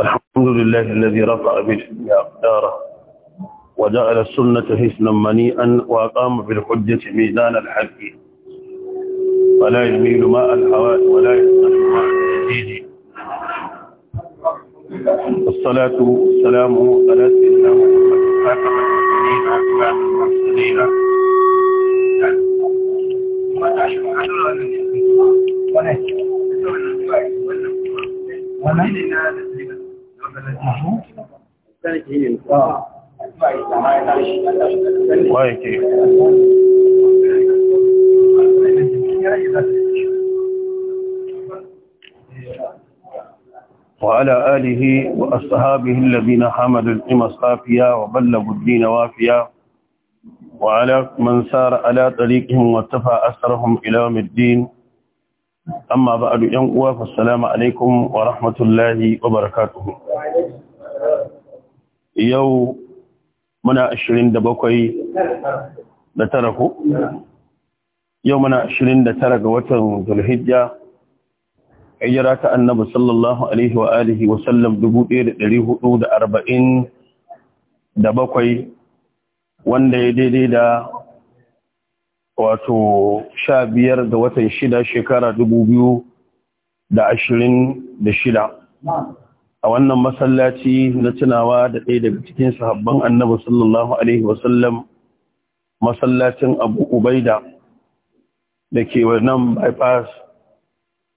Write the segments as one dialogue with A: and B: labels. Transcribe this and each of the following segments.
A: الحمد لله الذي رفع بالحلم أقداره وجعل السنة حسنا منيئا وأقام بالحجة ميزان الحق فلا يميل ماء الهواء ولا يستطيع ماء الجديد والصلاة والسلام على سيدنا محمد خاتم
B: المسلمين وأتباع المرسلين وأنا وعلى
A: آله وأصحابه الذين حملوا الإمة صافية وبلغوا الدين وافيا وعلى من سار على طريقهم واتفى أسرهم إلى يوم الدين amma ba adu yan uwa assalamu alaikum wa rahmatullahi wa barakatuh yau muna 27 da tara ko yau muna 29 ga watan zulhijja hijira ta annabi sallallahu alaihi wa alihi wa sallam 1447 wanda ya daidai da wato sha biyar da watan shida shekara dubu biyu da ashirin da shida a wannan masallaci na tunawa da ɗaya daga cikin sahabban annabi sallallahu alaihi wasallam masallacin abu ubaida da ke nan bypass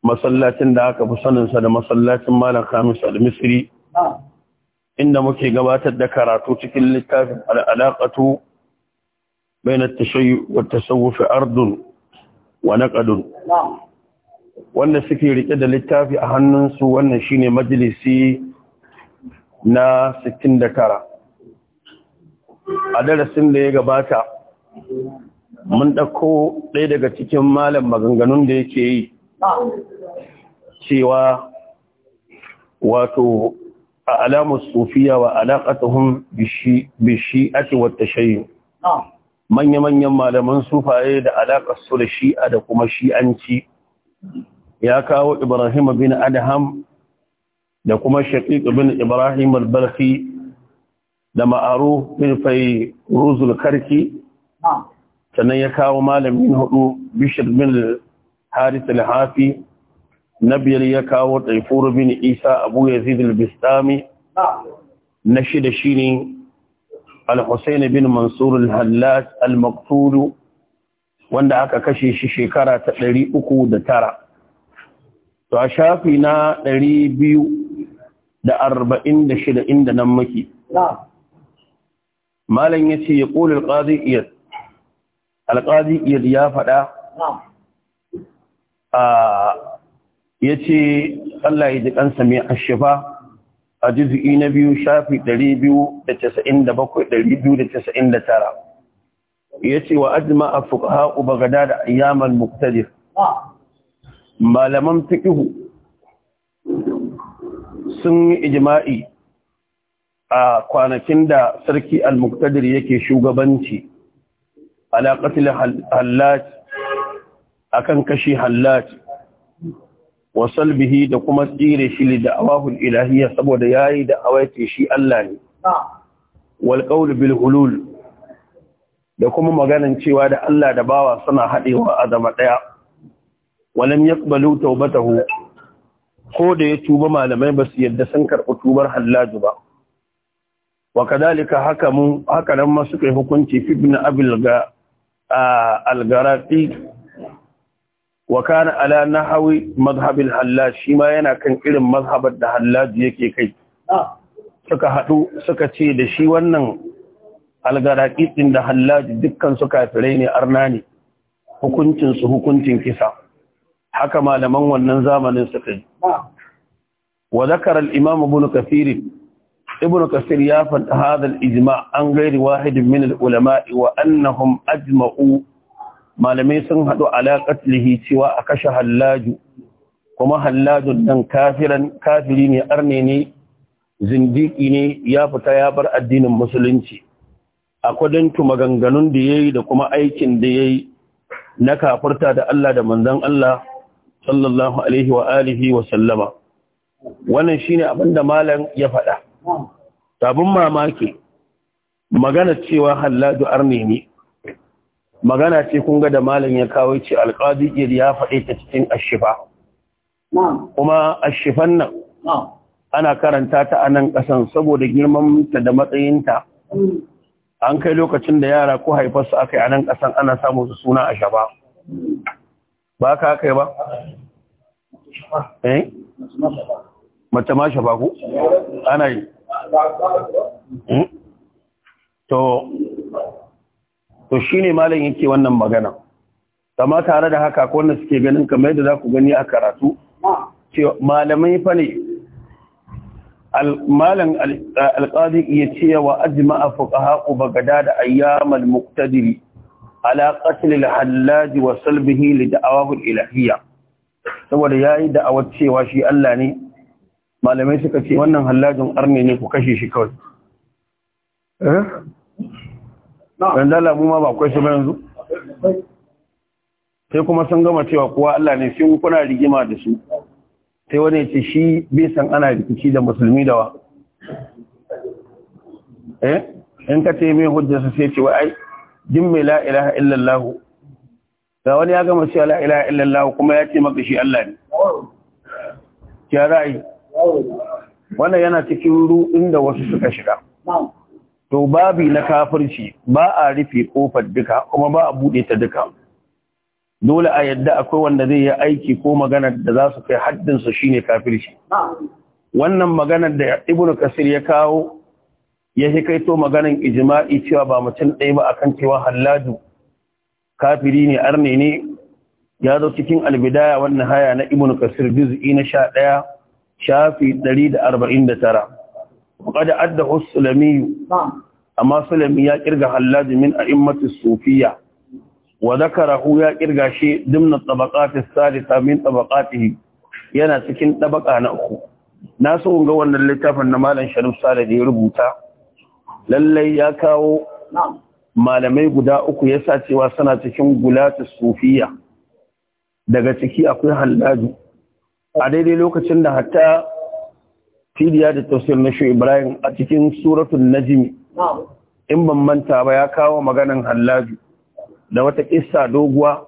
A: masallacin da aka fi saninsa da masallacin malam kamis al-misri inda muke gabatar da karatu cikin littafin al'adakatu بين التشيع والتصوف أرض ونقد wanda suke rike da littafi a hannunsu wannan shine majalisi na 69 a darasin da ya gabata mun dauko ɗaya daga cikin malam maganganun da yake yi cewa wato a alamus sufiya wa alaƙatuhun bishi ake wata shayin manya-manyan malaman sufaye da alaƙar su da shi'a da kuma shi'anci ya kawo ibrahim bin adham da kuma shaqiq bin ibrahim al da ma'aru bin fayruzul karki sannan ya kawo malamin hudu bishir bin harith alhafi hafi nabiyar ya kawo taifur bin isa abu yazid al na shida ne. al bin Mansur al-Hallat al wanda aka kashe shi shekara ta 309 to a shafi na 246 inda nan muke malam yace ya al qadi iyad al-qadi iyad ya fada a yace Allah ya ji kansa mai ashifa a juz'i na biyu shafi da tara. ya ce wa ajima a fuka gada da ayyaman muktadir malaman fikihu sun yi ijima'i a kwanakin da sarki al-muktadir yake shugabanci alaƙatil hallaci akan kashi hallaci wa salbihi da kuma tsire shi li awahul ilahiyya saboda yayi da awaita shi Allah ne wal qawl bil hulul da kuma maganan cewa da Allah da bawa suna hadewa a zama daya walam yaqbalu tawbatahu ko da ya tuba malamai ba su yadda sun karɓi tubar hallaju ba wa kadalika haka mun haka nan ma suka hukunci fi ibn abil ga algarafi wa kana ala nahawi mazhabin hallaj shi ma yana kan irin mazhabar da hallaj yake kai suka hadu suka ce da shi wannan algaraki din da hallaj dukkan suka kafirai ne arna ne hukuncin su hukuncin kisa haka malaman wannan zamanin suka yi wa zakara al-imam ibn kathir ابن al ijma an ghairi wahid min al ulama wa annahum ajma'u malamai sun haɗu alaƙatlihi cewa a kashe hallaju kuma hallajun nan kafiran kafiri ne arne ne zindiki ne ya fita ya bar addinin musulunci a kudintu maganganun da ya yi da kuma aikin da ya yi na kafurta da Allah da manzan Allah sallallahu alaihi wa alihi wa sallama wannan shine abin da malam ya faɗa tabin mamaki magana cewa hallaju arne ne magana ce kun ga da malam ya kawo ce alƙadi ya faɗe ta cikin ashifa kuma ashifan nan ana karanta ta a nan ƙasan saboda girmanta da matsayinta mm. an kai lokacin da yara ko haifarsu aka yi a nan ƙasan ana samu su suna a mm. ba ka aka ba? eh? mace ma shaba ku? ana yi? Hmm? to to shi ne malam yake wannan magana kama tare da haka ko wanda suke ganin kamar yadda za ku gani a karatu malamai fa ne malam alƙazi ya ce wa a fuka bagada da ayyamal muqtadiri ala qatl al-hallaj wa salbihi li da'awahu ilahiyya saboda yayi da'awar cewa shi Allah ne malamai suka ce wannan hallajin arne ne ku kashe shi kawai eh? Allah mu ma ba kwai shi ba yanzu sai kuma sun gama cewa kuwa Allah ne sai kuna rigima da su sai wani ya ce shi bai san ana rikici da musulmi da wa eh in ka ce mai hujjarsa sai ce wa ai jin mai la ilaha illallah ga wani ya gama cewa la ilaha illallah kuma ya ce maka shi Allah ne ya ra'ayi wannan yana cikin ru inda wasu suka shiga to babi na kafirci ba a rufe kofar duka kuma ba a bude ta duka dole a yadda akwai wanda zai yi aiki ko magana da za su kai su shine kafirci wannan magana da ibn kasir ya kawo ya shi kaito maganan ijma'i cewa ba mutum ɗaya ba akan cewa halladu kafiri ne arne ne ya zo cikin albidaya wannan haya na ibn kasir juz'i na sha ɗaya shafi ɗari da arba'in da tara وقد أده السلمي أما سلمي يا كرغ حلاد من أئمة الصوفية وذكره يا كرغ شيء ضمن الطبقات الثالثة من طبقاته ينا سكن طبقة نأخو ناسو قوانا اللي تفن مالا شرف سالة دي ربوتا للي يا كاو malamai guda uku ya sa cewa suna cikin gulatu sufiya daga ciki akwai hallaju a daidai lokacin da hatta fidiya da tausir na shu ibrahim a cikin suratun najimi in ban manta ba ya kawo maganan hallaju da wata ƙisa doguwa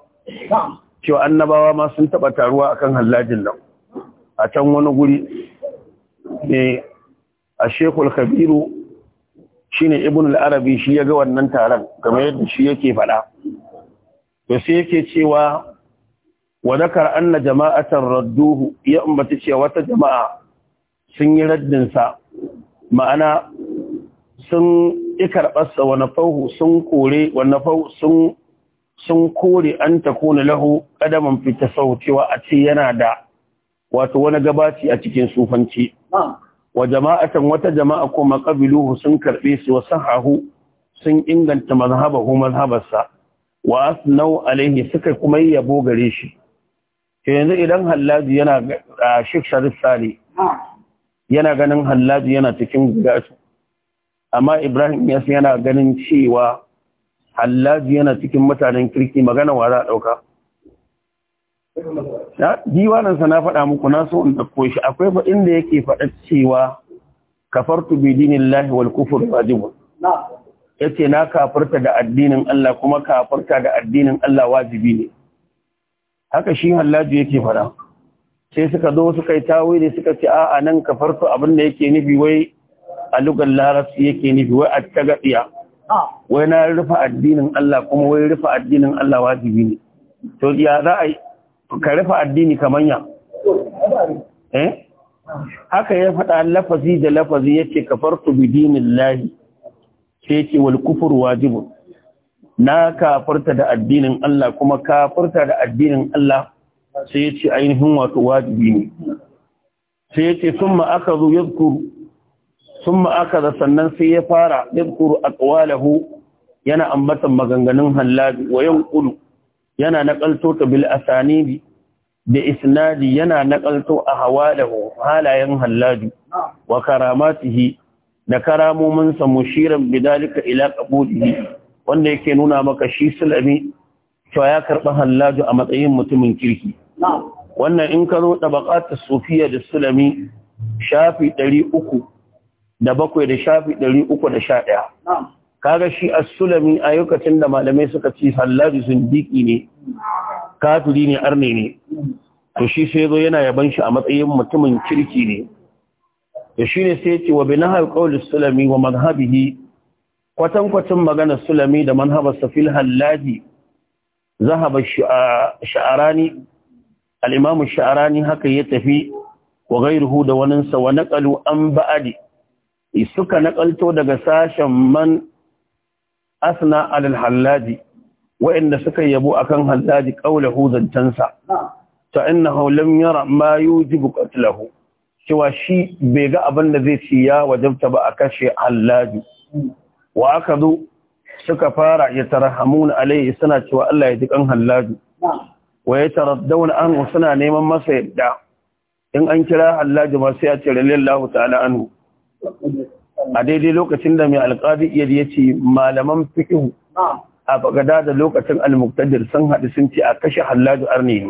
A: cewa annabawa ma sun taɓa taruwa akan hallajin nan a can wani guri ne a shekul kabiru shine ibn al-arabi shi ya ga wannan taron game yadda shi yake faɗa to sai yake cewa wa zakar anna jama'atan radduhu ya umbata cewa wata jama'a sun yi raddinsa ma'ana sun yi karɓarsa wani fahu sun kore wani fahu sun kore an ta kone lahu ƙadaman fita saucewa a ce yana da wato wani gabaci a cikin sufanci wa jama'atan wata jama'a ko maƙabiluhu sun karɓe su wa sahahu sun inganta mazhabahu mazhabarsa wa asnau alaihi suka kuma yi yabo gare shi yanzu idan hallaji yana a shek sharif yana ganin hallaji yana cikin gasu amma ibrahim yasu yana ganin cewa hallaji yana cikin mutanen kirki magana wa za a ɗauka diwaninsa na faɗa muku na so in ɗauko shi akwai fa inda yake faɗa cewa kafartu bi dinillahi wal kufur wajibun yace na kafarta da addinin Allah kuma kafarta da addinin Allah wajibi ne haka shi hallaji yake faɗa sai suka zo suka yi tawili suka ce a'a nan ka farko abin da yake nufi wai a lugar larabci yake nufi wai a ta gaɗiya ah. wai na rufe addinin Allah kuma wai rufe addinin Allah wajibi ne to ya za a ka rufe addini kamar ya eh haka ya faɗa lafazi da lafazi ka farko bidinin lahi, sai ce wal kufur wajibun na kafarta da addinin Allah kuma kafarta da addinin Allah sai ya ce ainihin wato wajibi ne sai ya ce sun ma'aka zo ya zukuru sun ma'aka da sannan sai ya fara ya zukuru a tsawalahu yana ambatan maganganun hallabi wa yan kulu yana nakalto ta bil asanibi da isnadi yana nakalto a da halayen hallabi wa karamatihi da karamominsa mushiran bidalika ila qabulihi wanda yake nuna maka shi sulami cewa ya karɓi hallaju a matsayin mutumin kirki wannan in ka zo tabaqatus Sufiya da sulami shafi 300 da bakwai da shafi 311 kaga shi as-sulami a lokacin da malamai suka ci sun diki ne kafiri ne arne ne to shi sai zo yana yaban shi a matsayin mutumin kirki ne da shi ne sai ce wa bi nahar sulami wa madhhabihi kwatan kwatan maganar sulami da manhabar safil halladi zahaba sha'arani al-imam sha'rani haka ya tafi wa ghayruhu da waninsa wa naqalu an ba'di e, suka nakalto daga sashen man asna alal hallaji wa'inda suka yabo akan hallaji qaulahu zantansa ta innahu lam yara ma yujibu qatlahu cewa shi bai ga abin da zai ci ya wajabta ba a kashe hallaji wa aka zo suka fara ya tarahamuna alaihi suna cewa Allah ya ji kan hallaji wa ya wani an suna neman masa yadda in an kira hallaju masu sai a ce radiyallahu ta'ala anhu a daidai lokacin da mai alƙadi iya ya ce malaman fiqh a bagada da lokacin al-muqtadir sun haɗu sun ce a kashe hallaju arni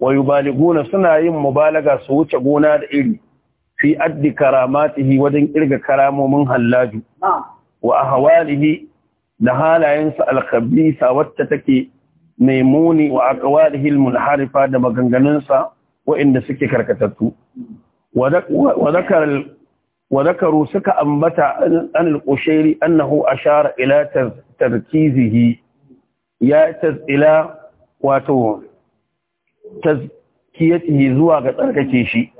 A: wa yubaliguna suna yin mubalaga su wuce gona da iri fi addi karamatihi wajen kirga karamomin hallaju wa a ahwalihi da halayensa alkhabisa wacce take mai muni wa aqwalihi al-munharifa da maganganunsa waɗanda suke karkatattu wa zakar wa zakaru suka ambata an al-qushairi annahu ashara ila tarkizihi ya wato tazkiyatihi zuwa ga tsarkake shi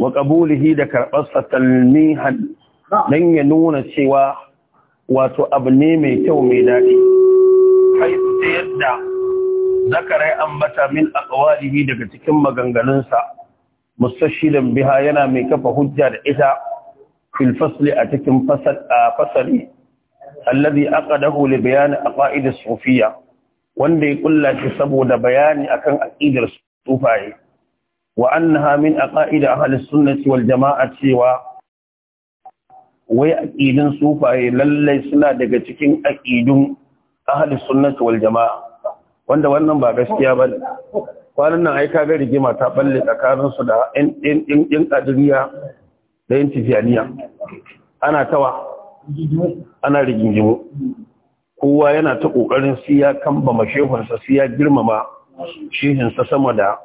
A: wa qabulihi da karɓar talmihan dan ya nuna cewa wato abu ne mai kyau mai daɗi haifu yadda zakarai ambata min aqwalihi daga cikin maganganunsa mustashidan biha yana mai kafa hujja da ita fil a cikin fasal fasali alladhi aqadahu li bayan aqaid as-sufiyya wanda ya kulla shi saboda bayani akan aqidar sufaye wa annaha min aqaid ahli sunnati wal jama'a cewa wai aqidin sufaye lallai suna daga cikin aqidun ahli sunnati wal jama'a wanda wannan ba gaskiya ba ne kwanan nan ai ga rigima ta balle tsakanin su da yan kadiriya da yan tijaniya ana tawa ana rigingimu. kowa yana ta kokarin siya kamba mashehunsa siya girmama shehinsa sama da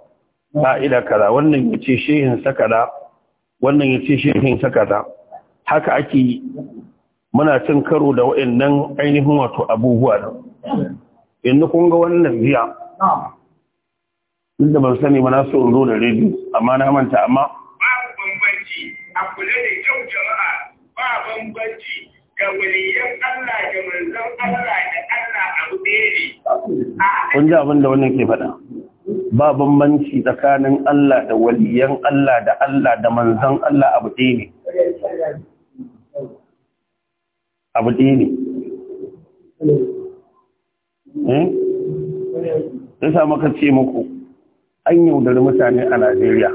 A: ka'ida kaza wannan ya ce shehinsa kaza wannan ya ce shehinsa kaza haka ake yi muna cin karo da wa'annan ainihin wato abubuwa inda kun ga wannan biya duk da ban sani ba na so in zo da rediyo amma na manta amma babu bambanci a kula da kyau jama'a ba bambanci ga waliyan Allah da manzon Allah da Allah abu ɗaya ne kun ji abin da wannan ke faɗa ba bambanci tsakanin Allah da waliyan Allah da Allah da manzon Allah abu ɗaya ne abu ɗaya ne Eh? ya sa maka ce muku an yaudari mutane a najeriya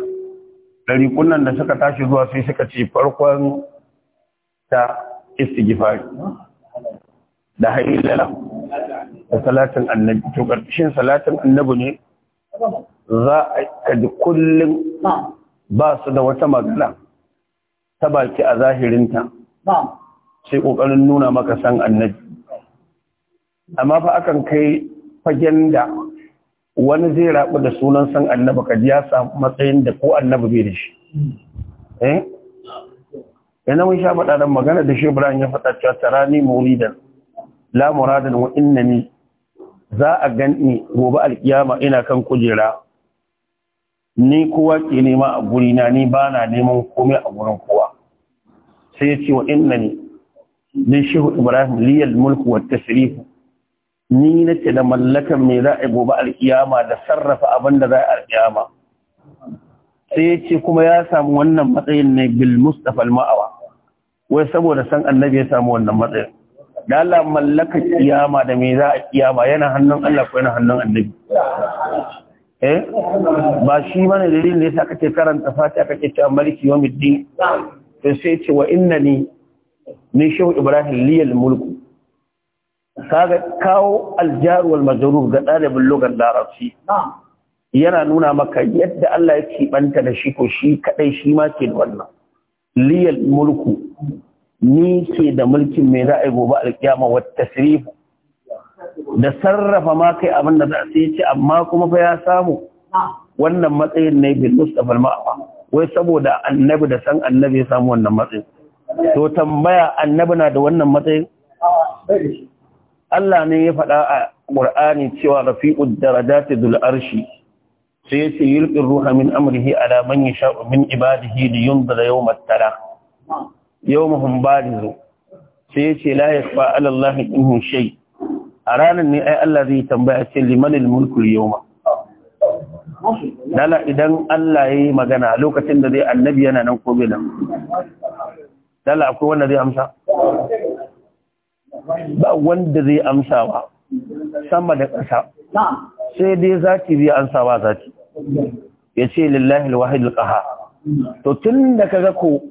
A: Dari kunan da suka tashi zuwa sai suka ce farkon ta istigifari da hailala da salatin annabi to ƙarƙashin salatin annabi ne za a kaji kullum ba su da wata magana ta baki a zahirinta sai ƙoƙarin nuna maka san annabi amma fa akan kai fagen da wani zai rabu da sunan san annabi ka ji ya samu matsayin da ko annabi bai da shi eh yana mun sha faɗa da magana da shi Ibrahim ya faɗa cewa tarani muridan la muradan wa innani za a ganni gobe alkiyama ina kan kujera ni kowa ke nema a guri na ni ba na neman komai a gurin kowa sai ya ce wa innani ni shehu Ibrahim liyal mulku wat tasrifu ni nake da mallakar me za a gobe alkiyama da sarrafa abin da za a alkiyama sai ce kuma ya samu wannan matsayin ne bil mustafa ma'awa wai saboda san annabi ya samu wannan matsayin da Allah mallakan kiyama da me za a kiyama yana hannun Allah ko yana hannun annabi eh ba shi bane dalilin da yasa kake karanta fatiha kake cewa maliki yawmiddin to sai ce wa innani ni shehu ibrahim liyal mulku kaga kawo aljaru wal majrur ga ɗalibin lugan larabci yana nuna maka yadda Allah ya kibanta da shi ko shi kadai shi ma ke da wannan liyal mulku ni ke da mulkin mai ra'ayi gobe alkiyama wa tasrifu da sarrafa ma kai abin da za su yi ci amma kuma fa ya samu wannan matsayin ne bil Mustafa al ma'a wai saboda annabi da san annabi ya samu wannan matsayin to tambaya annabi na da wannan matsayin Allah ne ya faɗa a ƙur'ani cewa rafi'ud darajati dul arshi sai yace yulqir ruha min amrihi ala man yasha min ibadihi li yunzira yawm at-tala yawmuhum barizu sai yace la yakfa ala Allah inhu shay a ranar ne ai Allah zai tambaya ce liman al-mulku yawma dala idan Allah yayi magana lokacin da zai annabi yana nan ko bai dala akwai wanda zai amsa ba wanda zai amsawa sama da ƙasa sai dai zaki zai amsawa zaki ya ce lillahi alwahid alqaha to tun da kaga ko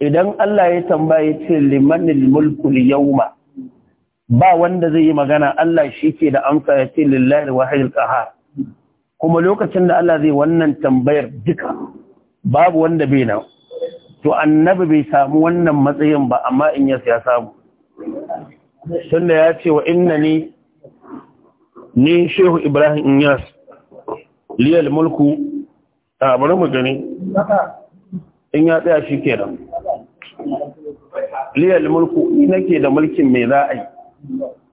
A: idan Allah ya tambaye ce limanil almulku alyawma ba wanda zai yi magana Allah shi ke da amsa ya ce lillahi alwahid alqaha kuma lokacin da Allah zai wannan tambayar duka babu wanda bai na to annabi bai samu wannan matsayin ba amma in ya samu tunda ya ce wa inna ni ni shehu ibrahim inyas liyal mulku a bari mu gani in ya tsaya shi da liyal mulku ni nake da mulkin mai za a yi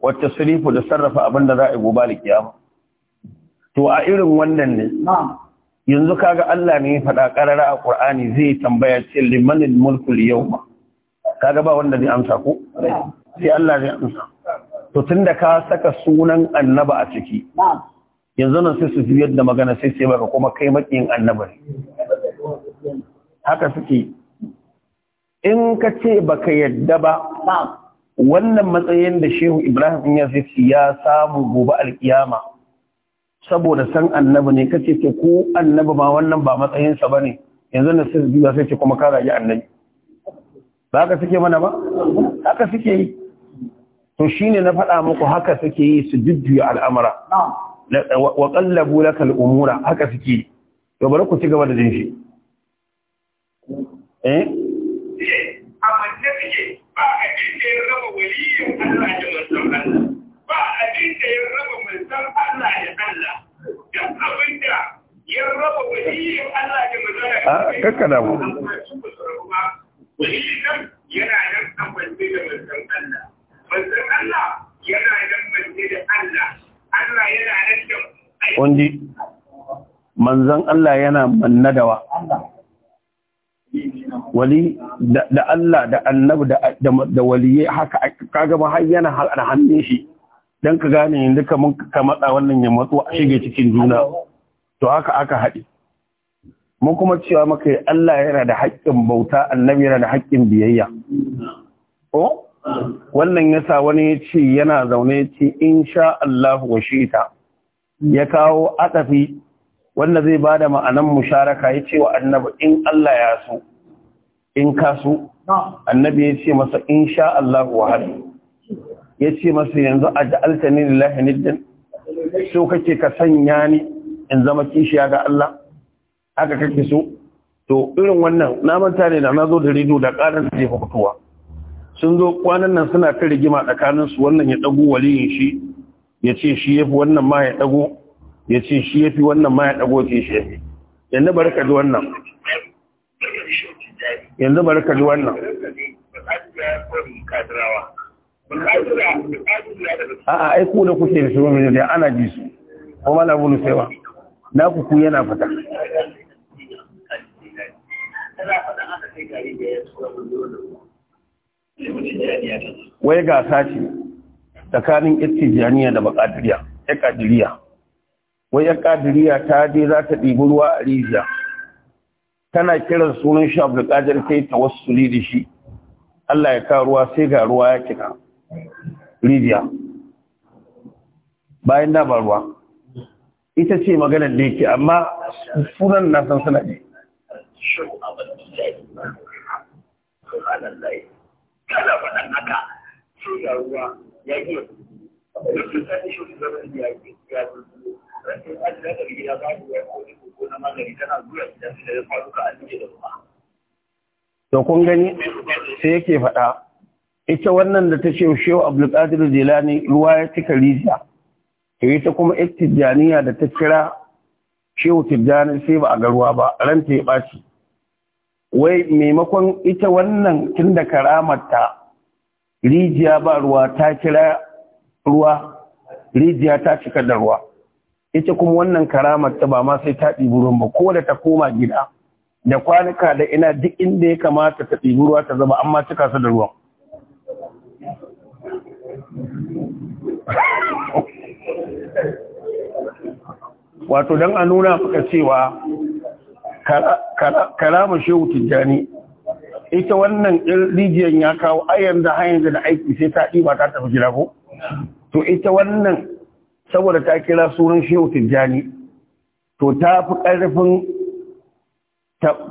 A: wata sirifu da sarrafa abin da za a yi goba da kiyama to a irin wannan ne yanzu kaga Allah ne ya faɗa ƙarara a Qur'ani zai tambaya ce limanil mulku yawma kaga ba wanda zai amsa ko sai Allah zai amsa to tunda ka saka sunan annaba a ciki yanzu nan sai su ji yadda magana sai sai baka kuma kai makiyin annaba
B: ne
A: haka suke in ka ce baka yadda ba wannan matsayin da shehu ibrahim ya zai ya samu gobe alkiyama saboda san annabi ne kace ce ko annabi ma wannan ba matsayinsa ba ne yanzu nan sai su biya sai ce kuma ka rage annabi ba haka suke mana ba haka suke yi to shine na faɗa muku haka suke yi su jujjuya al'amura wa qallabu laka al'umura haka suke yi to bari ku ci gaba da jin shi eh
B: amma da suke ba a cikin da ya raba waliyin Allah da manzon Allah ba a cikin da raba manzon Allah da Allah dan abinda ya raba waliyin Allah da manzon Allah a kakkada mu waliyin yana nan an da manzon Allah
A: manzon manzan Allah yana manna da wa wali da Allah da annabu, da waliye haka kaga ba har yana hannun shi don ka gane yanzu ka matsa wannan ya matsu a shige cikin juna to haka aka haɗe mun kuma cewa maka Allah yana da haƙƙin bauta annabi yana da haƙƙin biyayya Oh. wannan yasa wani ya ce yana zaune ya ce insha Allah wa shita ya kawo atafi wanda zai bada ma'anan musharaka ya ce wa annabi in Allah ya so in ka so annabi ya ce masa insha Allah wa hadu ya ce masa yanzu a ja'alta ni lillahi niddan so kake ka sanya ni in zama kishiya ga Allah haka kake so to irin wannan na manta ne da na zo da rido da ƙarar da zai fitowa sun zo kwanan nan suna ta rigima su wannan ya dago waliyin shi ya ce shi ya fi wannan ma ya dago ya ce shi ya fi wannan ma ya dago ce shi yanzu bari ka ji wannan yanzu bari ka ji wannan a'a ai ku da kuke da shirin miniyar ana ji su kuma na bunu cewa na ku ku yana fita wai gasa ce tsakanin istijaniya da bakadiriya ya kadiriya wai ya kadiriya ta je za ta ɗibi ruwa a rijiya tana kiran sunan shi da kai ta wasu da shi allah ya ka ruwa sai ga ruwa ya kika rijiya bayan da ba ruwa ita ce maganar da yake amma sunan na san suna ne kana haka su da ya faru To kun gani sai yake faɗa ita wannan da ta ce shehu abdulkadir jilani ruwa ya cika rijiya to ita kuma Tijjaniya da ta kira shehu tijjani sai ba a ga ruwa ba ta ya ɓaci wai maimakon ita wannan tun da karamarta rijiya ba ruwa ta kira ruwa rijiya ta cika da ruwa ita kuma wannan karamarta ba ma sai ta ɗibi ruwan ba ko da ta koma gida da kwanuka da ina duk inda ya kamata ta ɗibi ruwa ta zama amma cika su da ruwan wato don a nuna maka cewa kalama shehu tijjani ita wannan rijiyar ya kawo a yanzu har yanzu da aiki sai ta ɗiba ta tafi gida ko to ita wannan saboda ta kira sunan shehu tijjani to ta fi ƙarfin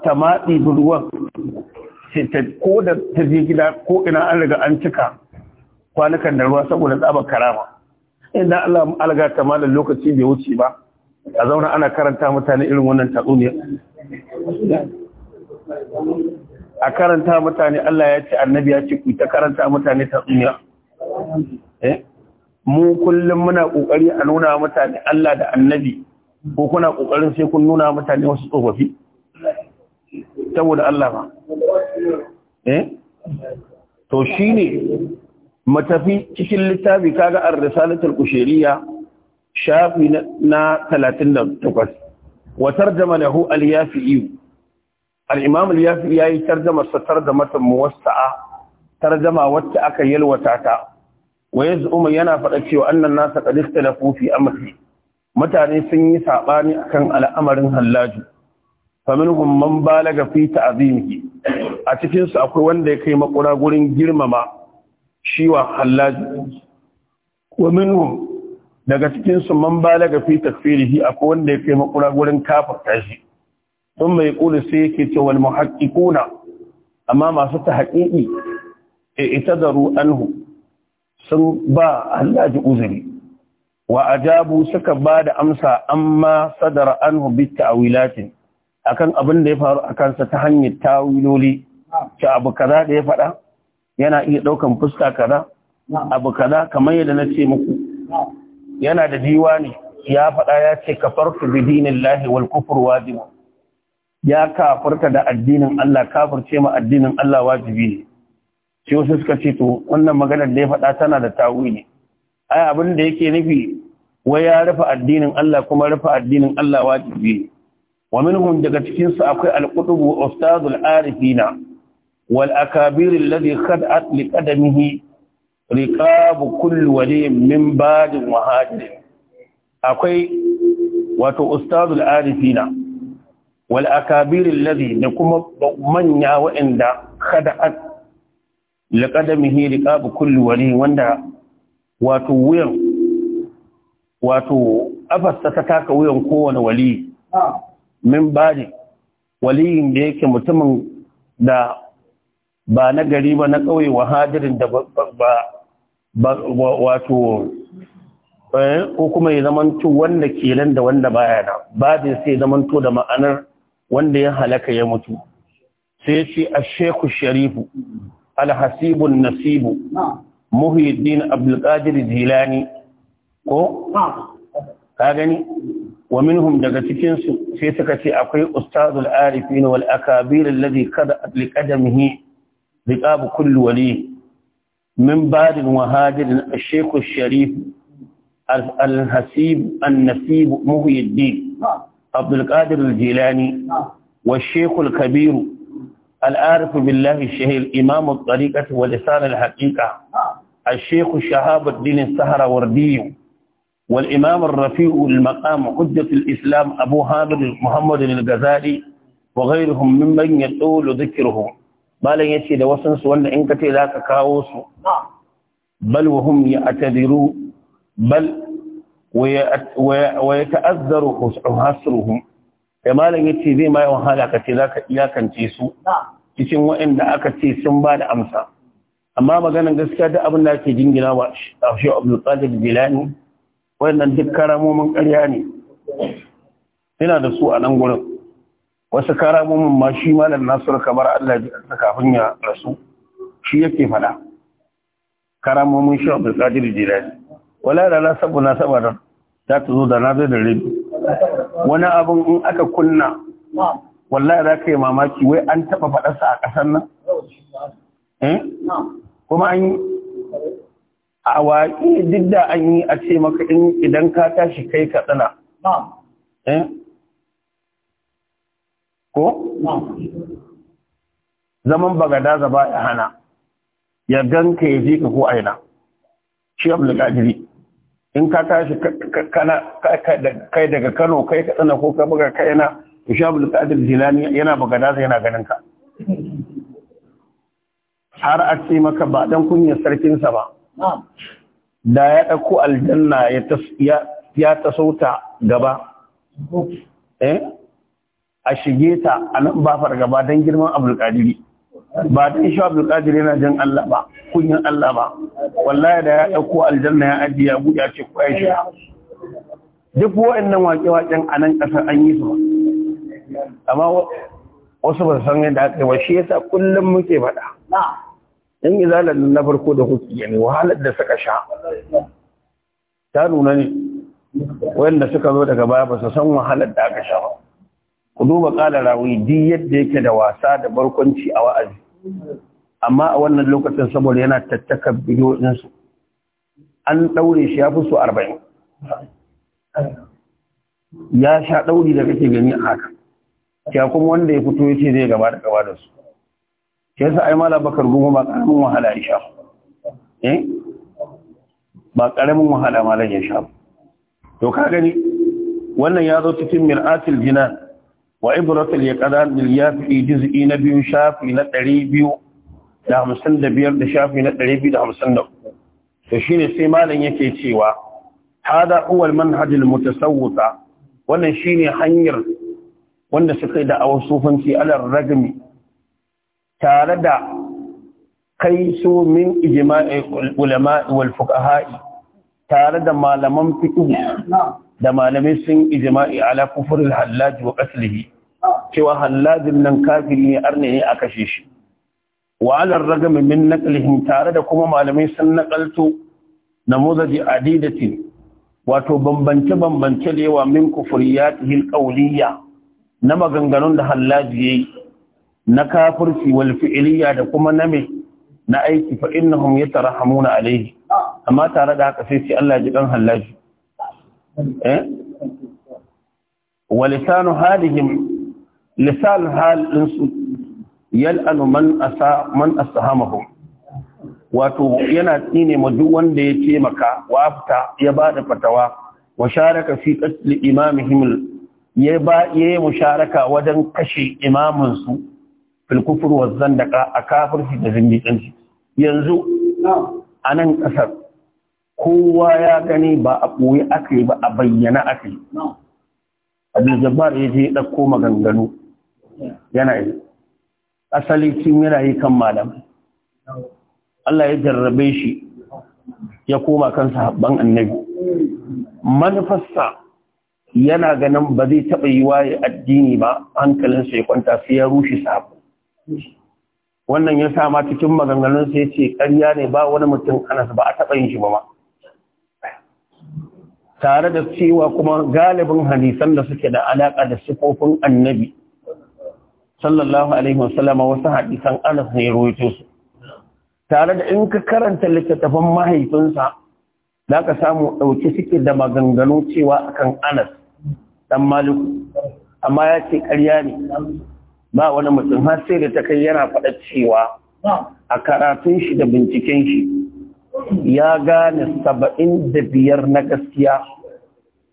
A: ta maɗi ruwan ko da ta je gida ko ina an riga an cika kwanukan da ruwa saboda tsabar karama inda Allah alga ta da lokaci bai wuce ba a zauna ana karanta mutane irin wannan tatsuniya a karanta mutane Allah ya ce annabi ya ce ku ta karanta mutane tatsuniya eh mu kullum muna kokari a nuna mutane Allah da annabi ko kuna kokarin sai kun nuna mutane wasu tsofaffi saboda Allah ba eh to shine matafi cikin littafi kaga ar-risalatul qushayriya shafi na 38 wa tarjama lahu al-yafi'i al-imam al-yafi'i yayi tarjama satar da matan muwassa'a tarjama wacce aka yalwata ta wa yaz'um yana fada cewa annan nasa qad istalafu fi amri mutane sun yi sabani akan al'amarin hallaju faminhum man balaga fi ta'zimihi a cikin su akwai wanda ya kai makura gurin girmama shi wa hallaju wa minhum daga cikin su man balaga fi takfirihi akwai wanda ya kai makura gurin kafarta shi sun mai kula sai yake ce wal muhaqqiquna amma masu ta haƙiƙi e itadaru anhu sun ba Allah ji uzuri wa ajabu suka ba da amsa amma sadara anhu bi ta'wilatin akan abin da ya faru a kansa ta hanyar tawiloli ta abu kaza da ya faɗa yana iya ɗaukan fuska kaza abu kaza kamar yadda na ce muku yana da diwani ya faɗa ya ce kafartu bi dinillahi wal kufru wajibu ya kafarta da addinin Allah kafirce ma addinin Allah wajibi ne shi wasu suka ce to wannan maganar da ya faɗa tana da tawili ai abin da yake nufi wai ya rufe addinin Allah kuma rufe addinin Allah wajibi ne wa minhum daga cikin su akwai al-qutub ustadul arifina wal akabir alladhi khad'at li qadamihi riƙabu kullu wani min badin wahajirin akwai wato ustazul arifina wal akabirin lazi da kuma manya a khada'at liqadamihi riƙabu kullu wani wanda wato wuyan wato afasta ta taka wuyan kowane wali min bari waliyin da yake mutumin da ba na gari ba na ƙauye wa hadirin da ba wato eh, ko kuma ya zamanto wanda ke nan da wanda baya Ba babin sai zamanto da ma'anar wanda ya halaka ya mutu sai ce a sheku sharifu alhasibun nasibu muhyiddin abdulkadir jilani ko ka gani wa minhum daga cikin su sai suka ce akwai ustazul arifin wal akabir alladhi kada li qadamihi riqab kulli wali من بعد وهاجر الشيخ الشريف الحسيب النسيب مهي الدين عبد القادر الجيلاني والشيخ الكبير العارف بالله الشهير إمام الطريقة ولسان الحقيقة الشيخ شهاب الدين السهر وردي والإمام الرفيع المقام حجة الإسلام أبو هامد محمد الغزالي وغيرهم ممن يطول ذكرهم malam yace da wasan su wanda in ka ce zaka kawo su bal wahum ya'tadiru bal wa yata'azzaru hasruhum da malam yace zai ma wahala halaka ce zaka iyakance su cikin waɗanda aka ce sun ba da amsa amma maganan gaskiya da abin da ake jingina wa shi Abdul Qadir Jilani wannan duk karamomin ƙarya ne yana da su a nan gurin wasu karamomin ma shi malam nasu kamar Allah ji kafin ya rasu shi yake fada karamomin shi Abdul Qadir Jilani wala da na sabu na sabar za ta zo da na zai da rabi wani abin in aka kunna wallahi za ka yi mamaki wai an taba fadarsa a ƙasar nan eh kuma an a waƙi duk da an yi a ce maka idan ka tashi kai ka tsana eh ko? zaman bagadaza ba ya hana ya ganka ya je ka ko aina shi abu da in ka tashi kai daga kano kai ka tsana ko ka buga kai na shi abu da jilani yana bagadaza yana ganin ka har a ce maka ba dan kunya sarkinsa ba da ya ɗauko aljanna ya tasauta gaba eh a shige ta a nan ba ba don girman abdulkadiri ba don shi abdulkadiri yana jan Allah ba kunyan Allah ba wallahi da ya ɗauko aljanna ya ajiye ya buɗe ce ko ya shiga duk wa'annan waƙe-waƙen a nan ƙasar an yi su amma wasu ba san yadda aka yi ba shi yasa kullum muke faɗa yan izalar na farko da kuke gani wahalar da suka sha ta nuna ne wanda suka zo daga baya ba su san wahalar da aka sha ba ku duba kala rawi duk yadda yake da wasa da barkwanci a wa'azi amma a wannan lokacin saboda yana tattaka bidiyoyinsu an ɗaure shi ya fi su arba'in ya sha ɗauri da kake gani a haka ya kuma wanda ya fito ya ce zai gaba da gaba da su ya sa ai mala bakar goma ba ƙaramin wahala ya sha eh ba ƙaramin wahala malam ya sha to ka gani wannan ya zo cikin mir'atul jinan wa ibratul yaqdan bil yafi juz'i na biyu shafi na 255 da da shafi na 253 to shine sai malam yake cewa hada huwa al manhaj al mutasawwifa wannan shine hanyar wanda suka yi da sufanci alal ragmi tare da kai su min ijma'i ulama wal fuqaha tare da malaman fiqh da malamai sun ijima'i ala kufurin hallaji wa qatlihi cewa hallajin nan kafiri ne arne ne a kashe shi wa raga ragam min tare da kuma malamai sun naqalto namuzaji adidati wato bambance bambance da yawa min kufriyatihi alqawliya na maganganun da hallaji yayi na kafirci wal da kuma na mai na aiki fa innahum yatarahamuna alayhi amma tare da haka sai sai Allah ji dan hallaji Eh? walisanu halihim lisan halinsu yal'anu man asa man asahamahum wato yana tsine ma duk wanda ya ce maka wafta ya bada fatawa wa sharaka fi qatl himil ya ba yayi musharaka wajen kashe imamin su fil kufr wa zandaka a kafirci da zindiƙanci yanzu a nan ƙasar kowa ya gani ba a ɓoye aka yi ba a bayyana aka
B: yi
A: jabbar ya je ɗauko maganganu yana yi asali cin yana yi kan malam Allah ya jarrabe shi ya koma kan haɓɓan annabi manufarsa yana ganin ba zai taɓa yi waye addini ba hankalinsa ya kwanta sai ya rushe sabu. wannan ya sa ma cikin maganganunsa ya ce ƙarya ne ba wani mutum anas ba a taɓa yin shi ba ma tare da cewa kuma galibin hadisan da suke da alaƙa da sifofin annabi sallallahu alaihi wasallama wasu hadisan anas ne rawaito su tare da in ka karanta littattafan mahaifinsa za ka samu ɗauki suke da maganganu cewa akan anas dan maliku amma ya ce ƙarya ne ba wani mutum har sai da ta kai yana faɗa cewa a karatun shi da binciken shi ya gane saba'in da biyar na gaskiya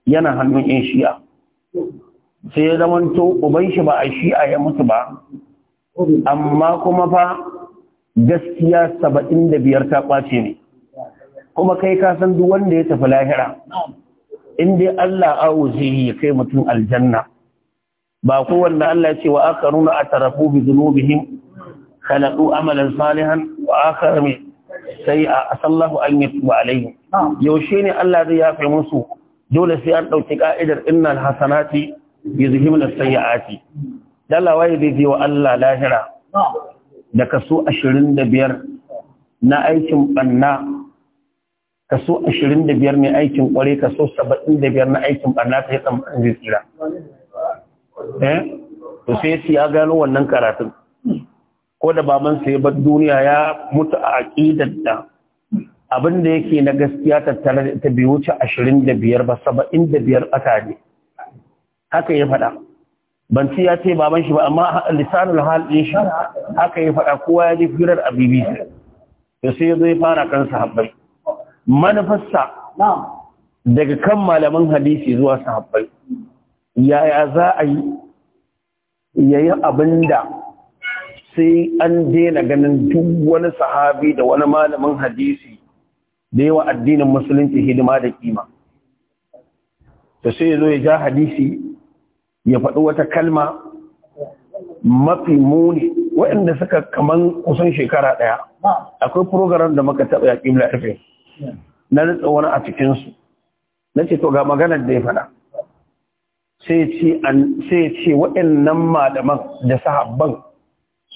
A: yana hannun yan shi'a sai ya zamanto uban shi ba a shi'a ya mutu ba amma kuma fa gaskiya saba'in da biyar ta kwace ne kuma kai ka san duk wanda ya tafi lahira in dai Allah awo zai ya kai mutum aljanna ba kowanne Allah ya ce wa aka nuna a tarafu bi zunubihim khalaqu amalan salihan wa akhar min sayyi'a asallahu an yatuba alaihim yaushe ne Allah zai yafe musu dole sai an dauki ka'idar innal hasanati yuzhimna sayyi'ati dalla waye zai je wa Allah lahira da kaso 25 na aikin banna kaso 25 ne aikin kware kaso 75 na aikin banna ta yi tsammanin zai tsira eh to sai ya gano wannan karatun ko da babansa ya bar duniya ya mutu a aƙidar da abin da yake na gaskiya tattare ta bi wuce ashirin ba saba'in da ne haka ya faɗa ban ci ya ce baban shi ba amma lisanul hal ɗin shi haka ya faɗa kowa ya ji firar a bbc da sai ya zo fara kan sahabbai manufarsa daga kan malaman hadisi zuwa sahabbai yaya za a yi yayi abin da sai an daina ganin duk wani sahabi da wani malamin hadisi da yawa addinin musulunci hidima da kima Ta sai zo ya ja hadisi ya faɗi wata kalma mafi muni waɗanda suka kaman kusan shekara ɗaya akwai program da muka taɓa ya ƙimla rufe na nutsa wani a cikinsu na ce to ga maganar da ya faɗa sai ce waɗannan malaman da sahabban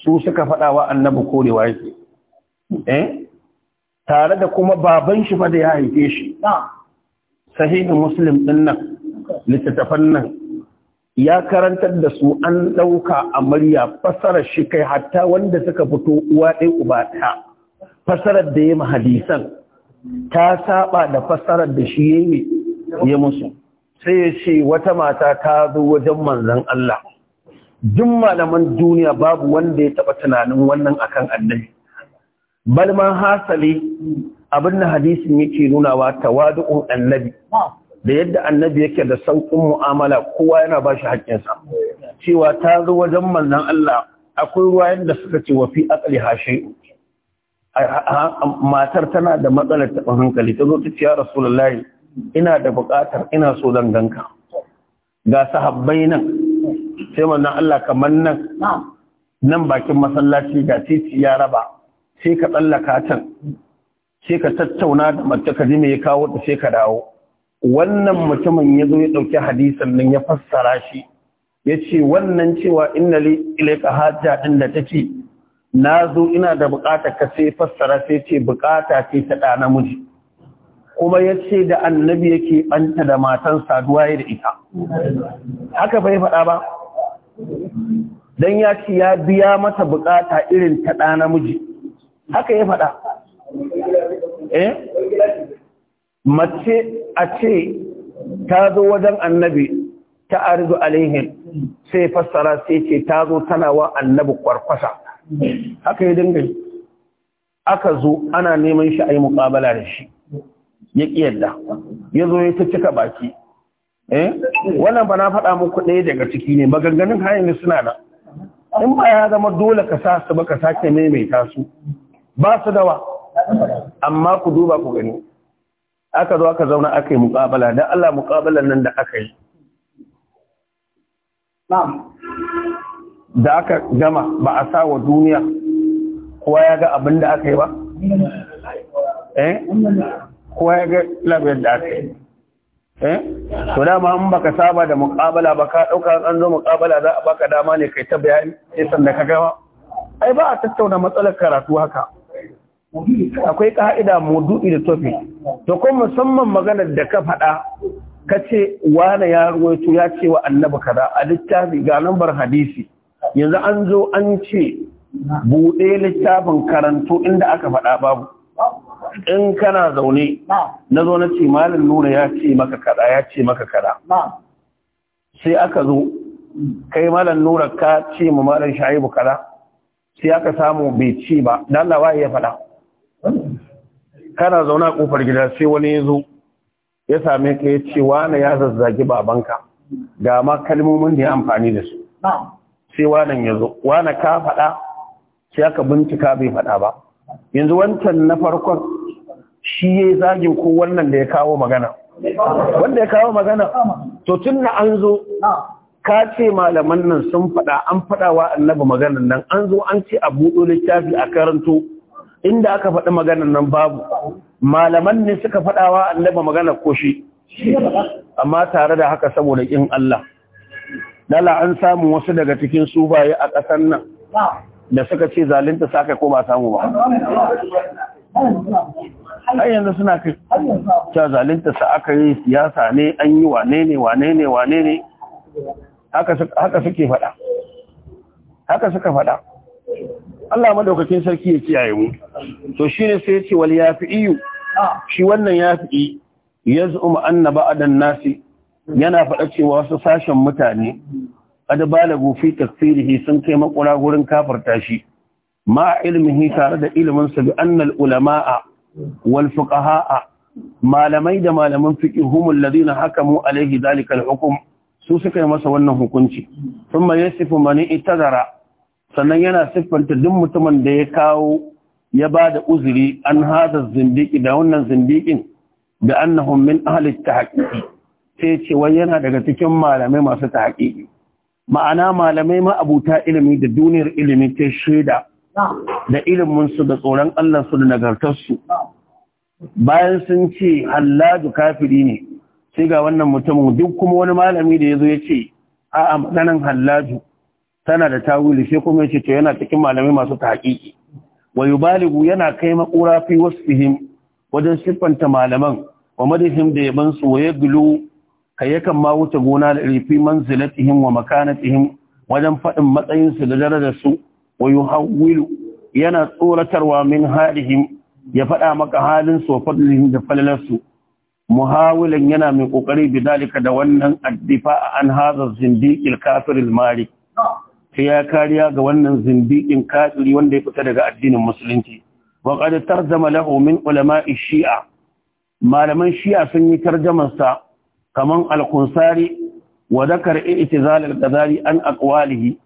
A: su suka faɗa wa annabi korewa yake eh? tare da kuma baban shi fa da ya haife shi sahihin muslim din nan littattafan nan ya karantar da su an ɗauka amarya murya fasarar shi kai hatta wanda suka fito uwa ɗaya uba ɗaya fasarar da ya hadisan ta saba da fasarar da shi ya musu sai ya ce wata mata ta zo wajen manzon Allah duk malaman duniya babu wanda ya taɓa tunanin wannan akan annabi balman hasali abin da hadisin yake nunawa tawadu'un annabi da yadda annabi yake da sauƙin mu'amala kowa yana ba shi haƙƙinsa cewa ta zo wajen manzan Allah akwai ruwa yadda suka ce wa fi aqli hashe matar tana da matsalar taɓin hankali ta zo ta ce ya rasulullahi ina da buƙatar ina so zan ganka ga sahabbai nan sai wannan Allah kamar nan nan bakin masallaci ga titi ya raba sai ka tsallaka can sai ka tattauna da mace ka ji me ya kawo da sai ka dawo wannan mutumin ya zo ya dauki hadisin nan ya fassara shi ya ce wannan cewa inna li ilaika hajja din da take na zo ina da bukata ka sai fassara sai ce bukata ce ta da namiji kuma ya ce da annabi yake ɓanta da matan saduwa da ita haka bai faɗa ba dan ya ce ya biya mata bukata irin ta ɗa namiji haka ya faɗa eh mace a ce ta zo wajen annabi ta arzu alaihim sai fassara sai ce ta zo tana wa annabi kwarkwasa haka ya dinga aka zo ana neman shi a yi da shi ya ƙi ya zo ya ta cika baki eh wannan ba na faɗa muku ɗaya daga ciki ne maganganun hanyar suna da in ba ya zama dole ka sa su ba ka sake maimaita su ba su dawa amma ku duba ku gani aka zo aka zauna aka yi muƙabala don Allah muƙabalan nan da aka yi da aka gama ba a sa wa duniya kowa ya ga abin da aka yi ba? eh? kowa ya ga lafiyar da aka yi Eh? to dama in baka saba da muƙabala ba ka ɗauka an zo muƙabala za a baka dama ne kai ta bayani sai sanda ka gama ai ba a tattauna matsalar karatu haka akwai ka'ida maudu'i da tofi to kuma musamman maganar da ka faɗa ka ce wane ya ruwaito ya ce wa annabi kaza a littafi ga lambar hadisi yanzu an zo an ce buɗe littafin karanto inda aka faɗa babu in kana zaune na zo na ce malin nuna ya ce maka kada ya ce maka kada sai aka zo kai malin nuna ka ce ma malin sha'ibu kada sai aka samu bai ce ba dan Allah ya faɗa kana zaune a kofar gida sai wani ya zo ya same ka ya ce wani ya zazzagi babanka ga ma kalmomin da ya amfani da su sai wanan ya zo wani ka faɗa sai aka bincika bai faɗa ba yanzu wancan na farkon shi ya yi zagin ko wannan da ya kawo magana wanda ya kawo magana to tun na an zo ka ce malaman nan sun faɗa an faɗa wa annabi maganan nan an zo an ce a buɗo littafi a karanto inda aka faɗi maganan nan babu malaman ne suka faɗawa wa annabi magana ko shi amma tare da haka saboda ƙin Allah dala an samu wasu daga cikin sufaye a ƙasar nan da suka ce zalunta sa ko ba samu ba har yanzu suna kai Ta zalunta sa aka yi siyasa ne an yi wane ne wane ne wane ne haka suke faɗa haka suka faɗa Allah madaukakin sarki ya kiyaye mu to shine sai ya ce wal yafi'i shi wannan yafi'i yaz'um anna ba'dan nasi yana faɗa cewa wasu sashen mutane qad balagu fi tafsirihi sun kai makura gurin kafarta shi ma ilmihi tare da ilimin sa bi anna al ulama'a wal fuqaha malamai da malaman fiqh humul ladina hakamu alaihi zalika al su suka yi masa wannan hukunci thumma mani ita zara. sannan yana siffanta duk mutumin da ya kawo ya ba da uzuri an hada zindiki da wannan zindikin da annahum min ahli tahqiqi sai ce wai yana daga cikin malamai masu tahqiqi ma'ana malamai ma abuta ilimi da duniyar ilimi ta shaida da iliminsu da tsoron su da nagartarsu bayan sun ce halladu kafiri ne sai ga wannan mutumin duk kuma wani malami da ya zo ya ce a maganin halladu tana da tawili sai kuma ya ce to yana cikin malamai masu taƙiƙi wa baligu yana kai makura fi fihim wajen siffanta malaman wa madihim da ya su wa yaglu yakan ma wuce gona da rifi manzilatihim wa makanatihim wajen faɗin matsayinsu da darajarsu su wa yuhawwilu yana tsoratarwa min halihim ya faɗa maka halin su wa fadlihim da falalarsu muhawilan yana mai kokari bidalika da wannan addifa an hadha zindiqil kafir mari sai ya kariya ga wannan zindiqin kafiri wanda ya fita daga addinin musulunci wa qad tarjama lahu min ulama'i shi'a malaman shi'a sun yi tarjaman sa kaman al-kunsari wa dhakar i'tizal al-qadari an aqwalihi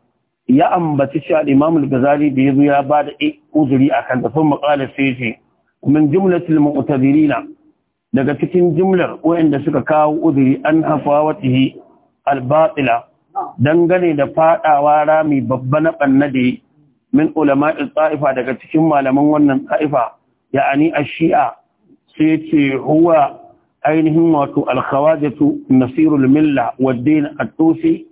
A: ya ambaci cewa Imam al-Ghazali ya zo ya bada uzuri akan zafin sun maqala sai ce min jumlatil mu'tadirina daga cikin jumlar wayanda suka kawo uzuri an hafawatihi al-batila dangane da fadawa rami babba na bannade min ulama'il ta'ifa daga cikin malaman wannan ta'ifa ya'ani ash-shi'a sai ce huwa ainihin wato al-khawajatu nasirul milla wad-din at-tusi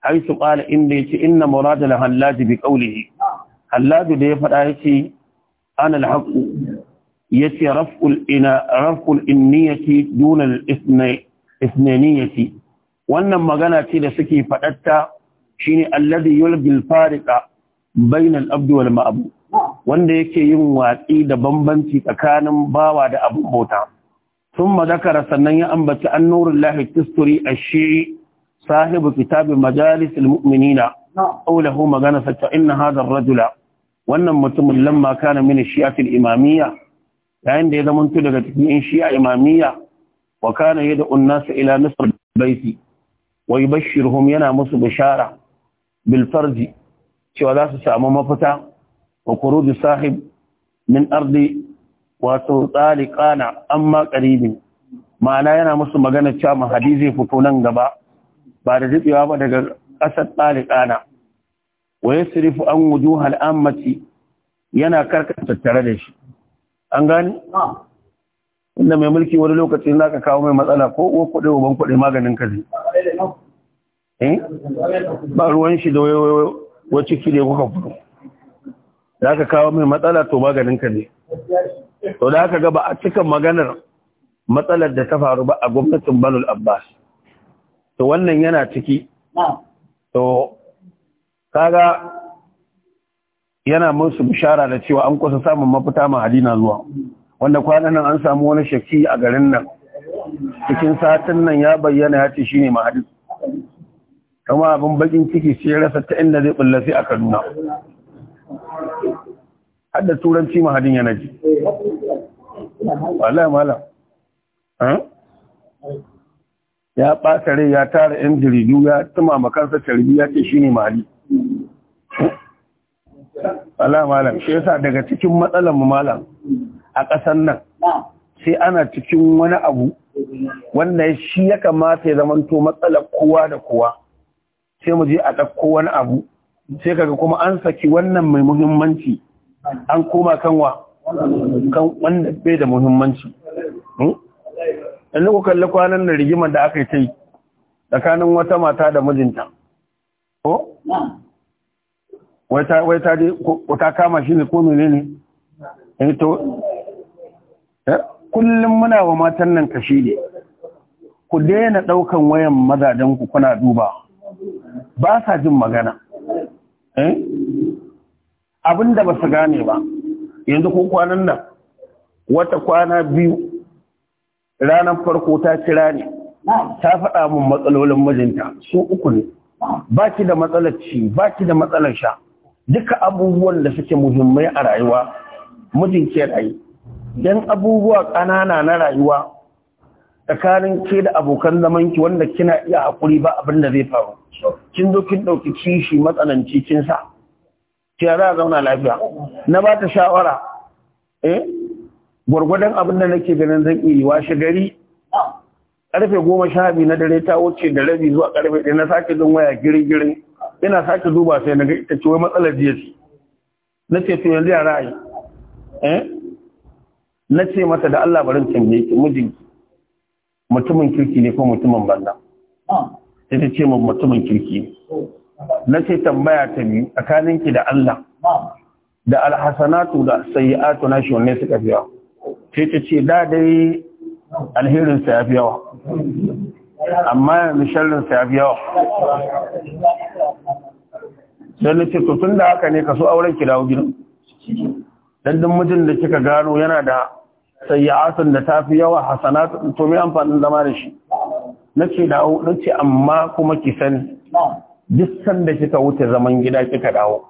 A: haisu qala inda yaci, inna murada la hallaji bi qawlihi hallaji da ya faɗa yace ana al yace raf'ul ina raf'ul inniyati duna al wannan magana ce da suke faɗatta shine alladhi yulqi al-fariqa bayna al wal wanda yake yin watsi da bambanci tsakanin bawa da abin bauta sun mazakara sannan ya ambaci an nurin lahi tusturi a shiri. sahibu kitabin majalis almu'minina qawluhu magana satta inna hadha rajula wannan mutumin lamma kana min shi'atil imamiyya yayin da ya zama daga cikin shi'a imamiyya wa kana yad'u an-nas ila nasr Wai wa yubashshiruhum yana musu bishara Bilfarji, cewa za su samu mafita wa sahib min ardi wato tsaliqana amma qaribin ma'ana yana musu magana cewa mahadi zai fito nan gaba ba da daɗewa ba daga ƙasar ɗaliƙana wa ya sirifu an wuju al'ammaci yana karkata tare da shi an gani? inda mai mulki wani lokacin za ka kawo mai matsala ko uwa kuɗe uban kuɗe maganin kazi eh? ba ruwan shi da wa ciki da kuka fito za ka kawo mai matsala to maganin kazi to da aka gaba a cikin maganar matsalar da ta faru ba a gwamnatin banul abbas to wannan yana ciki to kaga yana musu bishara da cewa an kusa samun mafita ma halina zuwa wanda kwanan nan an samu wani shakki a garin nan cikin satin nan ya bayyana ya ce shine mahadin kuma abin bakin ciki sai rasa ta inda zai bulla sai a Kaduna har da turanci mahadin yana ji wallahi mallam eh ya ɓata rai ya tara 'yan jaridu ya tuma kansa carbi ya ce shi ne mali Allah malam shi yasa daga cikin matsalar mu malam a ƙasan nan sai ana cikin wani abu wanda shi ya kamata ya zamanto matsalar kowa da kowa sai mu je a ɗauko wani abu sai kaga kuma an saki wannan mai muhimmanci an koma kanwa kan wanda bai da muhimmanci hmm? yanzu ku kalli kwanan nan rigimar da aka yi ta yi tsakanin wata mata da mijinta ko? wai ta dai ko ta kama shi ne ko mene ne? Eh to eh, kullum muna wa matan nan kashi ne ku daina ɗaukan wayan ku kuna duba ba sa jin magana eh? abinda ba su gane ba yanzu ko kwanan nan wata kwana biyu ranar farko ta kira ne ta faɗa min matsalolin mijinta su uku ne ba ki da matsalar ci ba ki da matsalar sha duka abubuwan da suke muhimmai a rayuwa mijin ke rayu dan abubuwa ƙanana na rayuwa tsakanin ke da abokan zaman ki wanda kina iya hakuri ba abin da zai faru kin zo kin ɗauki kishi matsananci kin sa ki za zauna lafiya na ba ta shawara eh gwargwadon abin da nake ganin zan iya washe gari karfe goma sha biyu na dare ta wuce da rabi zuwa karfe ɗaya na sake zan waya girin-girin ina sake zuba sai na ga ita ce wai matsalar jiya ce na ce to yanzu yara ai yi. Eh? na ce mata da Allah barin tambaye ki mijinki mutumin kirki ne ko mutumin banza sai ta ce min mutumin kirki ne na ce tambaya ta biyu ki da Allah da alhasanatu da sayyi'atu na shi wanne suka fi yawa sai ta ce da dai alherinsa ya fi yawa amma yanzu sharrinsa ya fi yawa don na ce tutun da haka ne ka so auren ki dawo gidan don mijin da kika gano yana da sayyatun da ta fi yawa hasana to mai amfanin zama da shi na ce dawo don ce amma kuma ki sani duk sanda kika wuce zaman gida kika dawo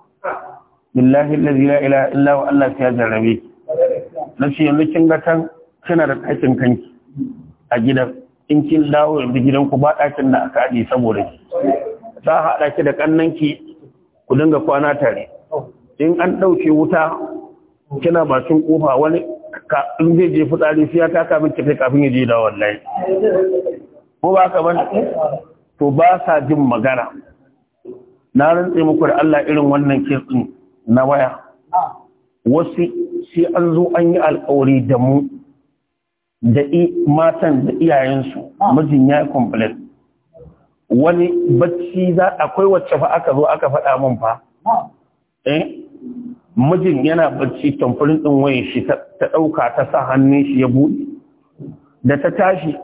A: billahi allazi la ilaha illa allah ya jarrabe ki na ce yanzu kin ga kan kina da ɗakin kanki a gidan in kin dawo yanzu gidanku ba ɗakin da aka aje saboda ki za a haɗa ki da ƙannanki ku dinga kwana tare in an ɗauke wuta kina bakin ƙofa wani in zai je fitsari sai ya taka min kitai kafin ya je dawo wallahi ko ba ka to ba sa jin magana na rantse muku da Allah irin wannan kitsin na waya wasu sai an zo an yi alkawari da mu da matan da iyayensu ah. mijin ya yi complete wani bacci za akwai wacce fa aka zo aka faɗa min fa ah. eh mijin yana bacci tamfurin ɗin wayan shi ta ɗauka ta sa hannun shi ya buɗe da ta tashi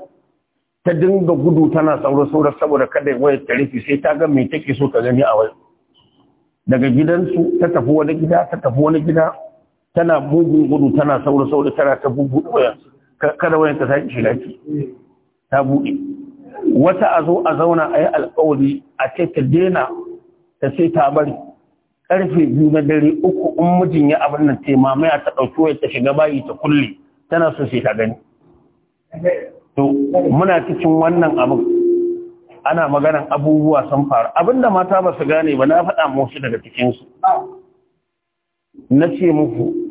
A: ta dinga gudu tana sauro sauro saboda kada wayar ta rufe sai ta ga me take so ta gani a wayar daga gidansu ta tafi wani gida ta tafi wani gida tana mugun gudu tana saura saura tana ta bubuɗe wayan kada wayan ta sake ta buɗe wata a zo a zauna a yi alƙawari a ce ta daina ta sai ta bari karfe biyu na dare uku in mijin ya abin nan ce mamaya ta ɗauki wayar ta shiga bayi ta kulle tana so sai ta gani to muna cikin wannan abin ana maganan abubuwa sun faru abinda mata ba su gane ba na faɗa musu daga cikinsu na ce muku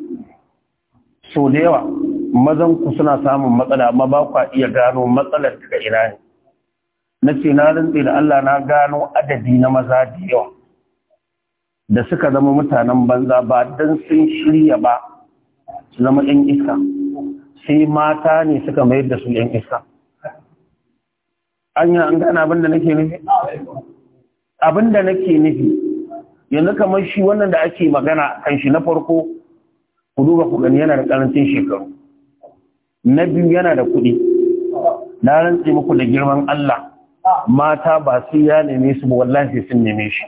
A: sau da yawa mazan ku suna samun matsala amma ba kwa iya gano matsalar daga ina ne na ce na rantse da Allah na gano adadi na maza da yawa da suka zama mutanen banza ba don sun shirya ba su zama 'yan iska sai mata ne suka mayar da su 'yan iska an yi an gana abin da nake nufi abin da nake nufi yanzu kamar shi wannan da ake magana kan shi na farko ku duba ku gani yana da karancin shekaru na biyu yana da kuɗi na rantse muku da girman Allah mata ba su ya neme su ba wallahi sun neme shi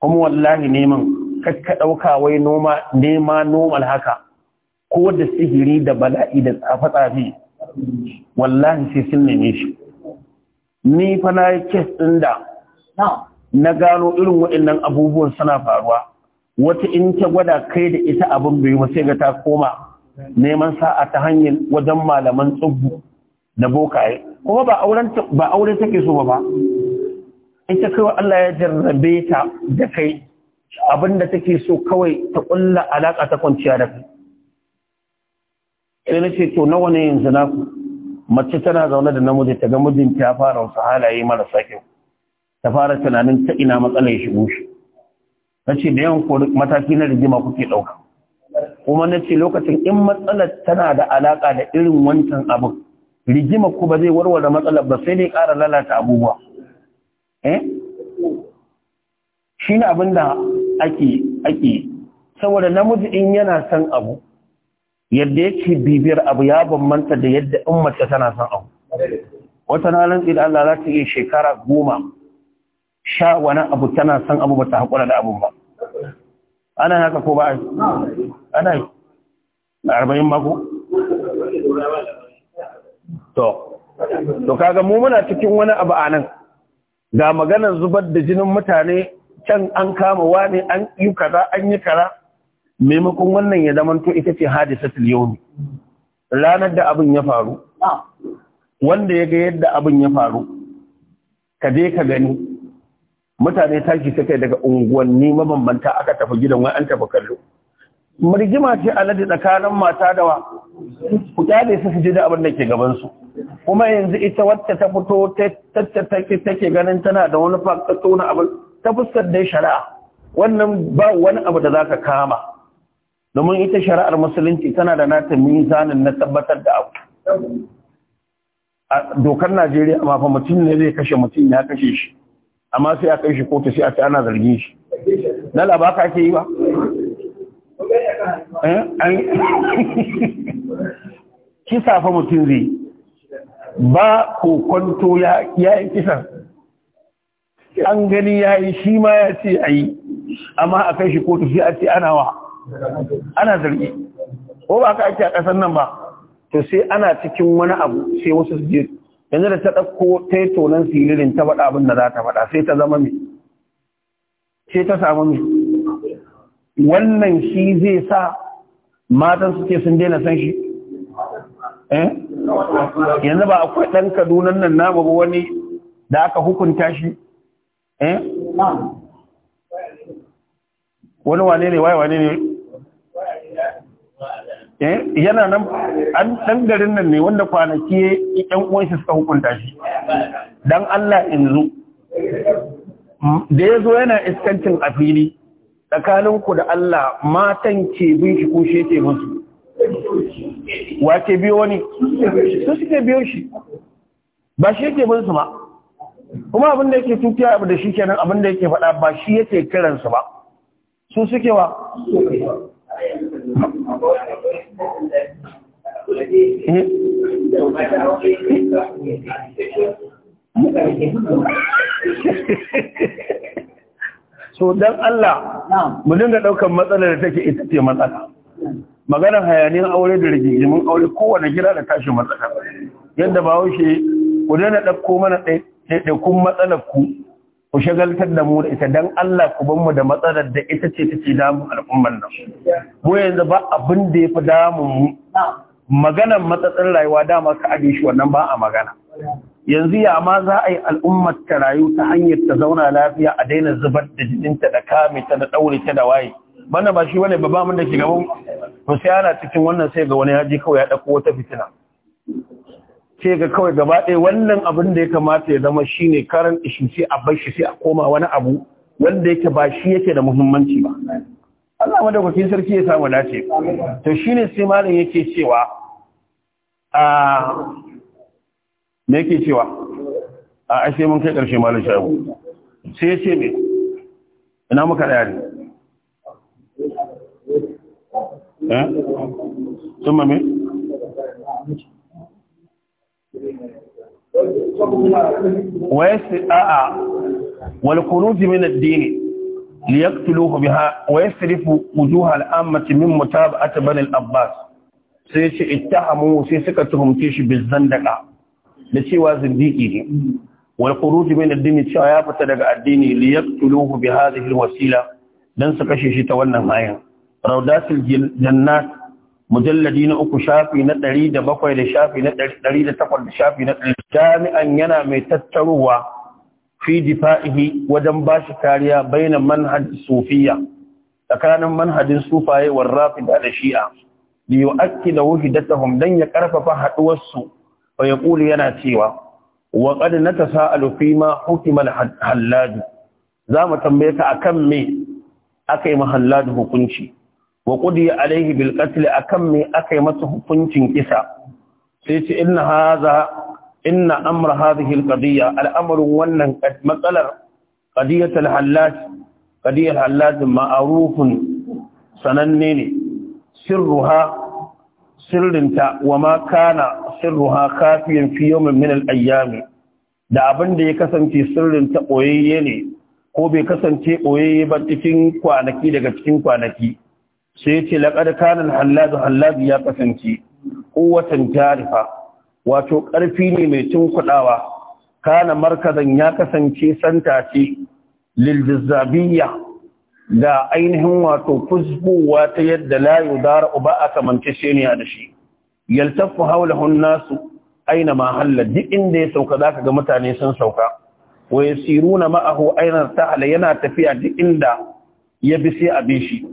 A: kuma wallahi neman kakka ɗauka wai noma nema nomal haka ko da sihiri da bala'i da tsafe-tsafe wallahi sai sun neme shi ni fa na yi kes ɗin da na gano irin waɗannan abubuwan suna faruwa wata in ta gwada kai da ita abin bai sai ga ta koma neman sa'a ta hanyar wajen malaman tsubbu da bokaye kuma ba auren ba aure take so ba ita wa Allah ya jarrabe ta da kai abin da take so kawai ta kulla alaka ta kwanciya da kai Ina ce to nawa ne yanzu na ku mace tana zaune da namiji ta ga mijinta ya fara wasu halaye marasa kyau ta fara tunanin ta ina matsalar shigo shi na ce da yawan ko mataki na rigima kuke ɗauka kuma na ce lokacin in matsalar tana da alaƙa da irin wancan abin rigima ku ba zai warware matsalar ba sai dai ƙara lalata abubuwa eh shi ne abin da ake ake saboda namiji in yana son abu yadda yake bibiyar abu ya bambanta da yadda in mace tana son abu wata na idan Allah za ta iya shekara goma sha wani abu tana son abu ba ta haƙura da abu ba ana haka ko ba ana yi a arba'in mako to to kaga mu muna cikin wani abu a nan ga maganar zubar da jinin mutane can an kama wani an yi kaza an yi kaza maimakon wannan ya zamanto ita ce hadisatul yawmi ranar da abin ya faru ah. wanda ya ga yadda abin ya faru ka je ka gani mutane tashi suka daga unguwanni mabambanta aka tafi gidan wai an tafi kallo Murgima ce alade tsakanin mata da wa ku kyale su su ji da abin da ke gaban su kuma yanzu ita wacce ta fito ta take ganin tana da wani fakato na abin ta fuskar dai shari'a wannan ba wani abu da zaka kama domin ita shari'ar musulunci tana da nata mizanin na tabbatar da abu a dokar Najeriya ma fa mutum ne zai kashe mutum ya kashe shi amma sai a kai shi kotu sai a ce ana zargin shi na ba ka ke yi ba
B: eh,
A: kisa fa mutum zai ba kokonto ya yi kisa an gani ya yi shi ma ya ce a yi amma a kai shi kotu sai a ce ana wa ana zargi ko ba ka ake a ƙasar nan ba to sai ana cikin wani abu sai wasu su je yanzu da ta ɗauko ta yi tonon silirin ta faɗa abin da za ta faɗa sai ta zama mai sai ta samu mai wannan shi zai sa matan suke sun daina san shi eh? yanzu ba akwai ɗan kadunan nan na ba wani da aka hukunta shi eh? wani wane ne waye wane ne Eh, yana nan an san garin nan ne wanda kwanaki yan uwansa suka hukunta shi dan Allah in zu. da ya zo yana iskancin a fili tsakaninku da Allah matan ke bin shi ko shi ke musu wace biyo wani su suke biyo shi ba shi yake bin su ba kuma abin da yake tukiya abu da shi kenan abin da yake faɗa ba shi yake kiransu ba su suke wa so don Allah mu dinga ɗaukar matsalar da take ita ce matsala maganar hayaniyar aure da rigimin aure kowane gida da tashi matsala yadda ba haushe ku daina ɗauko mana ɗaiɗaikun matsalar ku ku shagaltar da mu da ita don Allah ku ban mu da matsalar da ita ce ta take damun al'ummar nan mu yanzu ba abin da ya fi damun mu maganan matsatsin rayuwa dama ka aje shi wannan ba a magana yanzu ya ma za a yi al'ummar ta rayu ta hanyar ta zauna lafiya a daina zubar da jininta da kame ta da ɗaure ta da waye bana ba shi wani ba da ke gaban to sai ana cikin wannan sai ga wani ya je kawai ya ɗauko wata fitina sai ga kawai gaba ɗaya wannan abin da ya kamata ya zama shi ne karan ishu sai a bar shi sai a koma wani abu wanda yake ba shi yake da muhimmanci ba Allah madaukakin sarki ya samu dace to shi ne sai malam yake cewa a me yake cewa a ashe mun kai karshe malam shabu sai ya ce me ina muka daya ne
B: eh sun mame
A: ويسر آآ والخروج من الدين ليقتلوه بها ويسرف وجوه الأمة من متابعة بن الأباس سيش اتهموا سيسكة تهمتيش بالزندقة لسوى زنديقه والخروج من الدين تشايا فتدق الدين ليقتلوه بهذه الوسيلة لنسكشي شتوانا تولنا معين روضات الجنات mujalladi na uku shafi na ɗari da bakwai da shafi na ɗari da takwas da shafi na ɗari jami'an yana mai tattarowa fi difa'ihi wajen ba shi kariya baina manhaj sufiya tsakanin manhajin sufaye wa rafida da shi'a li yu'akki da wahidatahum dan ya karfafa haɗuwarsu. su yana cewa wa qad natasaalu fi ma hukima al-hallaj zamu tambaye a akan me akai mahalladu hukunci wa qudi alaihi bil kan akan me yi masa hukuncin kisa sai ce inna hadha amra hadhihi al qadiyya wannan matsalar qadiyat al hallat sananne ne sirruha sirrinta wa ma kana sirruha kafiyan fi yawmin min ayyami da abin da ya kasance sirrinta boyayye ne ko bai kasance boyayye ba cikin kwanaki daga cikin kwanaki sai ya ce laƙar kanin halladu ya kasance ƙuwatan tarifa wato ƙarfi ne mai kuɗawa. kana markazan ya kasance santa ce liljizabiyya da ainihin wato kusbowa ta yadda layu zara uba a kamance sheniya da shi yaltafu haulahun nasu aina mahalla duk inda ya sauka zaka ga mutane sun sauka wa yasiruna ma'ahu aina hala yana tafiya duk inda ya bi sai a bi shi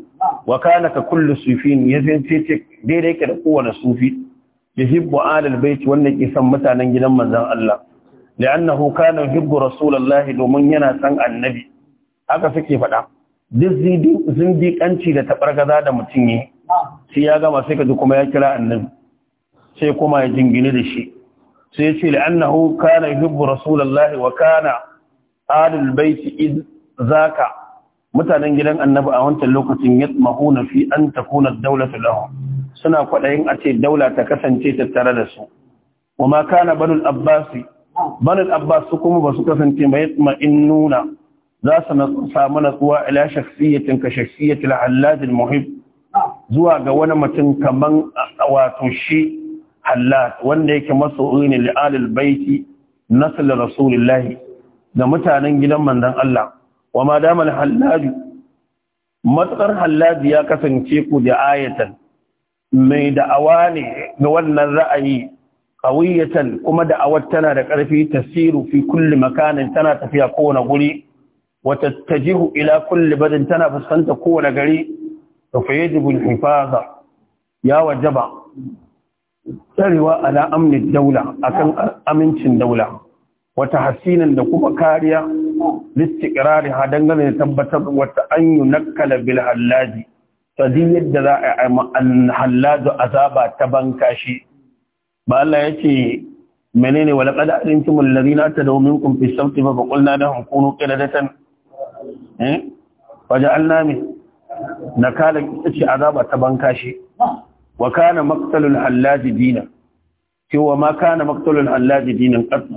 A: wa ka kullu sufin ya daidai yake da kowane sufi yuhibbu alal bait wanda ke san mutanen gidan manzon Allah li'annahu kana yuhibbu rasulullahi domin yana san annabi haka suke faɗa duk zindiƙanci da tabargaza da mutum yi sai ya gama sai ka ji kuma ya kira annabi sai kuma ya jingine da shi sai ya ce li'annahu kana yuhibbu rasulullahi wa kana alul bait iz zaka mutanen gidan annabi a wancan lokacin ya mahuna fi an takuna daulatu lahu suna kwaɗayin a ce daula ta kasance tattare da su wama kana banul abbasi banul abbas su kuma ba su kasance ba yatma in nuna za su samu natsuwa ila shakhsiyatin ka shakhsiyatil hallaj muhib zuwa ga wani mutum kaman wato shi hallaj wanda yake masoyi ne li baiti nasl rasulullahi ga mutanen gidan manzon Allah wa ma dama al matsar hallaji ya kasance ku da ayatan mai da'awa ne ga wannan ra'ayi qawiyatan kuma da'awar tana da ƙarfi tasiru fi kulli makanin tana tafiya kowane guri wata tajihu ila kulli badin tana fuskanta kowane gari Da fa yajibu al-hifaza ya wajaba tsarewa ala amnin daula akan amincin daula wata hasinan da kuma kariya listiqrari ha dangane da tabbatar wata an yi nakkala bil hallaji sadi yadda za a yi hallaju azaba ta banka shi ba Allah ya ce menene wa laqad na alladhina domin kun fi sauti ba, da sawti fa da lahum kunu qiradatan eh waja'alna min nakala ce azaba ta banka shi wa kana maqtalul hallaji dinan cewa ma kana maqtalul hallaji dinan qatl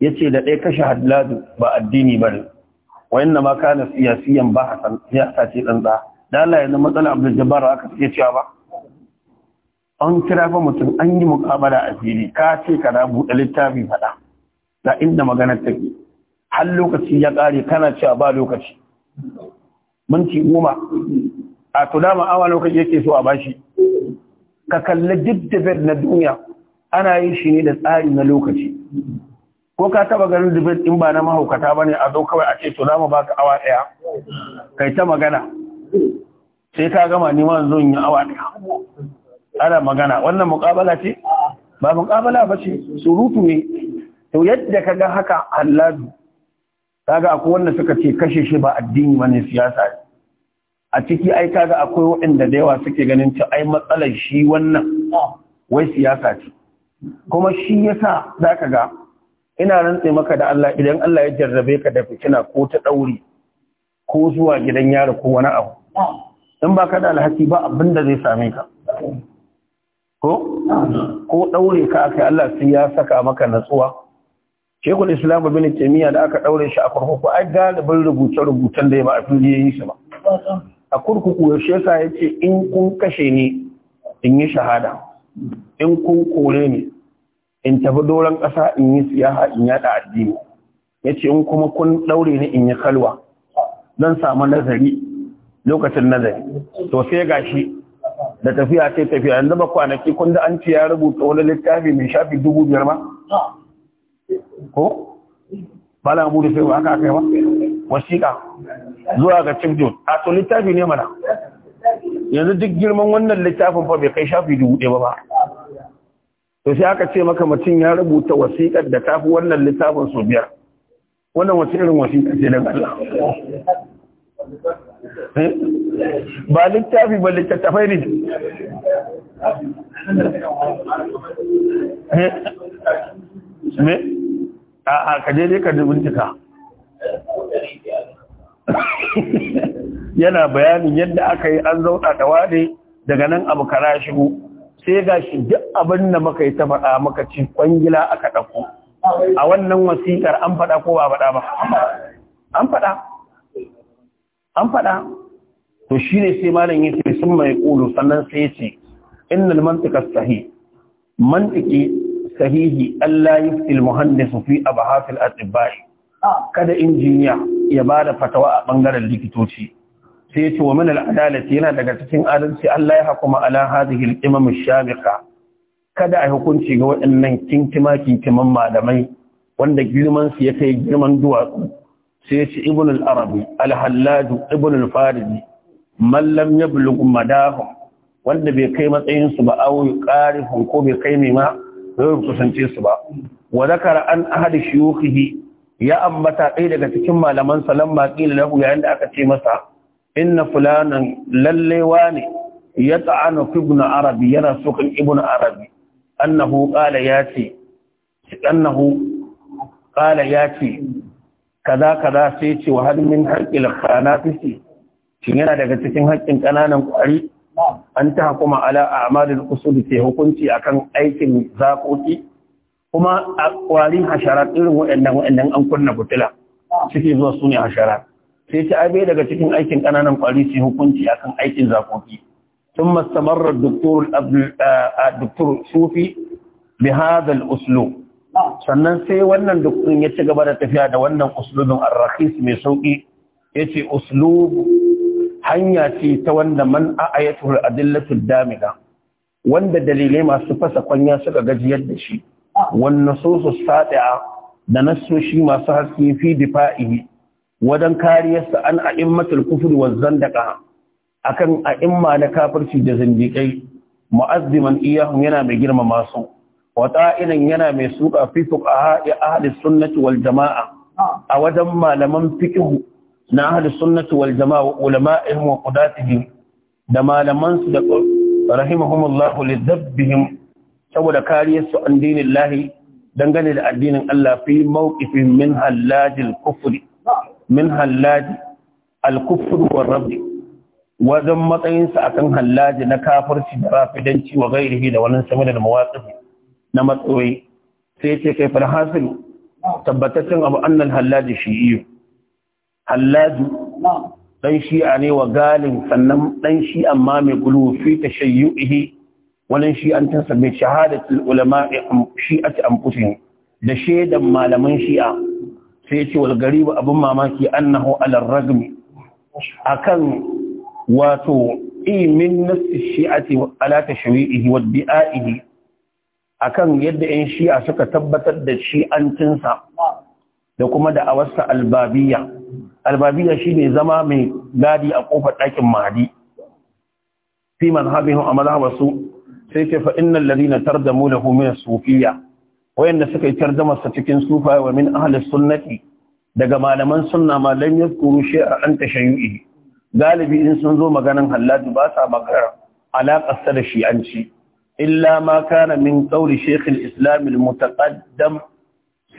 A: yace da ɗaya kashe haddadu ba addini ba ne wayanna ma kana siyasiyan ba hasan ya ce dan da dala yanzu matsala Abdul Jabbar aka ce cewa ba an kira fa mutum an yi mukabara a fili ka ce da buɗe littafi faɗa da inda magana take har lokaci ya kare kana cewa ba lokaci minti goma a to dama awa lokaci yake so a bashi ka kalli duk na duniya ana yin shi ne da tsari na lokaci ko ka taba ganin dubin in ba na mahaukata ba ne a zo kawai a ce to za mu ba ka awa ɗaya kai ta magana sai ka gama ni zo yi awa ɗaya ana magana wannan muƙabala ce ba muƙabala ba ce surutu ne to yadda ka ga haka halladu ga akwai wanda suka ce kashe shi ba addini bane siyasa ne a ciki ai ga akwai waɗanda da yawa suke ganin ci ai matsalar shi wannan wai siyasa ce kuma shi yasa ka ga ina rantse maka da Allah idan Allah ya jarrabe ka da fitina ko ta ɗauri ko zuwa gidan yaro ko wani abu in ba ka da alhaki ba abinda zai same ka ko ko daure ka aka Allah sai ya saka maka natsuwa Sheikhul islam bin kimiyya da aka daure shi a kurkuku ai galibin rubuce rubutan da ya ba a fili ya yi shi ba a kurkuku yaushe yasa ya ce in kun kashe ni in yi shahada in kun kore ni in tafi doron ƙasa in yi siyaha in yada addini ya ce in kuma kun ɗaure ni in yi kalwa zan samu nazari lokacin nazari to sai gashi da tafiya sai tafiya yanzu ba kwanaki kun da an ce ya rubuta wani littafi mai shafi dubu biyar ma ko ba na mu sai ba aka kai ba wasiƙa zuwa ga cif jun a to littafi ne mana yanzu duk girman wannan littafin fa bai kai shafi dubu ɗaya ba to sai aka ce maka mutum ya rubuta wasiƙar da tafi wannan littafin su biyar wannan wace irin wasiƙar ce don Allah eh? ba littafi ba littattafai ne eh? me a a kaje ne ka bincika yana bayanin yadda aka yi an zauna da wane daga nan abu kara shigo sai ga shi duk abin da muka yi ta faɗa muka ci kwangila aka ɗauko a wannan wasiƙar an faɗa ko ba faɗa ba an faɗa an faɗa to shi sai malam ya ce sun mai ƙulu sannan sai ya ce innal mantika sahi mantiki sahihi Allah ya fi muhandisu fi abahafil tsibba'i. Ah. kada injiniya ya ba da fatawa a ɓangaren likitoci sai ya ce wa minal adalati yana daga cikin adalci Allah ya hakuma ala hadhihi al-imam shabiqa kada a hukunci ga waɗannan kinkima kinkiman malamai wanda girman su ya kai girman duwatsu sai ce ibn al-arabi al-hallaj ibn al-faridi man lam yablugh madahu wanda bai kai matsayin su ba aw qarihun ko bai kai mai ma bai kusance su ba wa an ahad shuyukhi ya ambata ɗaya daga cikin malaman salamma ma qila lahu yayin da aka ce masa inna fulanan lallewa ne ya ta'ana ibn arabi yana sukan ibn arabi annahu qala yace annahu qala yace kaza kaza sai ce wa hal min haqqil khanafisi shi yana daga cikin haƙƙin ƙananan ƙwari an ta hukuma ala a'malil usul sai hukunci akan aikin zakoki kuma a ƙwarin hashara irin waɗannan waɗannan an kunna butula ciki zuwa sune hasharar sai ta abe daga cikin aikin ƙananan kwari sai hukunci akan aikin zakoki tun استمر الدكتور الدكتور صوفي بهذا الاسلوب sannan sai wannan dukkan ya ci gaba da tafiya da wannan uslubin arrakis mai sauki yace uslub hanya ce ta wanda man ayatul adillatu damida wanda dalilai masu fasa kwanya suka gajiyar da shi wan nususus sati'a da nasoshi masu haske fi difa'i wajen kariyarsa an a'immatul kufri wa zandaka akan a'imma na kafirci da zindiƙai mu'azziman iyahum yana mai girmama su wa ta'inan yana mai suka fi fuqaha ya ahli sunnati wal jama'a a wajen malaman fiqh na ahli sunnati wal jama'a ulama'ihim wa qudatihim da malaman su da rahimahumullahu lidabbihim saboda kariyarsu an dinin lahi dangane da addinin Allah fi mawqifin min halajil kufri min hallaji al-kufr wa rabbi wajen matsayinsa akan hallaji na kafirci da rafidanci wa gairihi da wani sami da mawaqif na matsoyi sai ce kai fal tabbataccen abu annan hallaji shi'i hallaji dan shi'a ne wa galin sannan dan shi amma mai gulu fi tashayyuhi wannan shi an tansa mai shahadatul ulama shi'ati anfusihim da shaidan malaman shi'a sai ce walgari garibu abin mamaki annahu alar A kan wato imin nassi shi'ati ala tashwi'ihi wa bi'aihi kan yadda 'yan shi'a suka tabbatar da shi'ancinsa da kuma da awarsa albabiya albabiya shine zama mai gadi a kofar ɗakin mahadi fi manhabihim a wasu sai ce fa nan ladina tardamu lahu da as-sufiyya wayanda suka yi tarjamar sa cikin sufa wa min ahli sunnati daga malaman sunna ma lam yadhkuru shay'a an tashayyu'i galibi in sun zo maganan halladu ba sa magana alaƙar sa da shi'anci illa ma kana min qawli shaykh al-islam al-mutaqaddam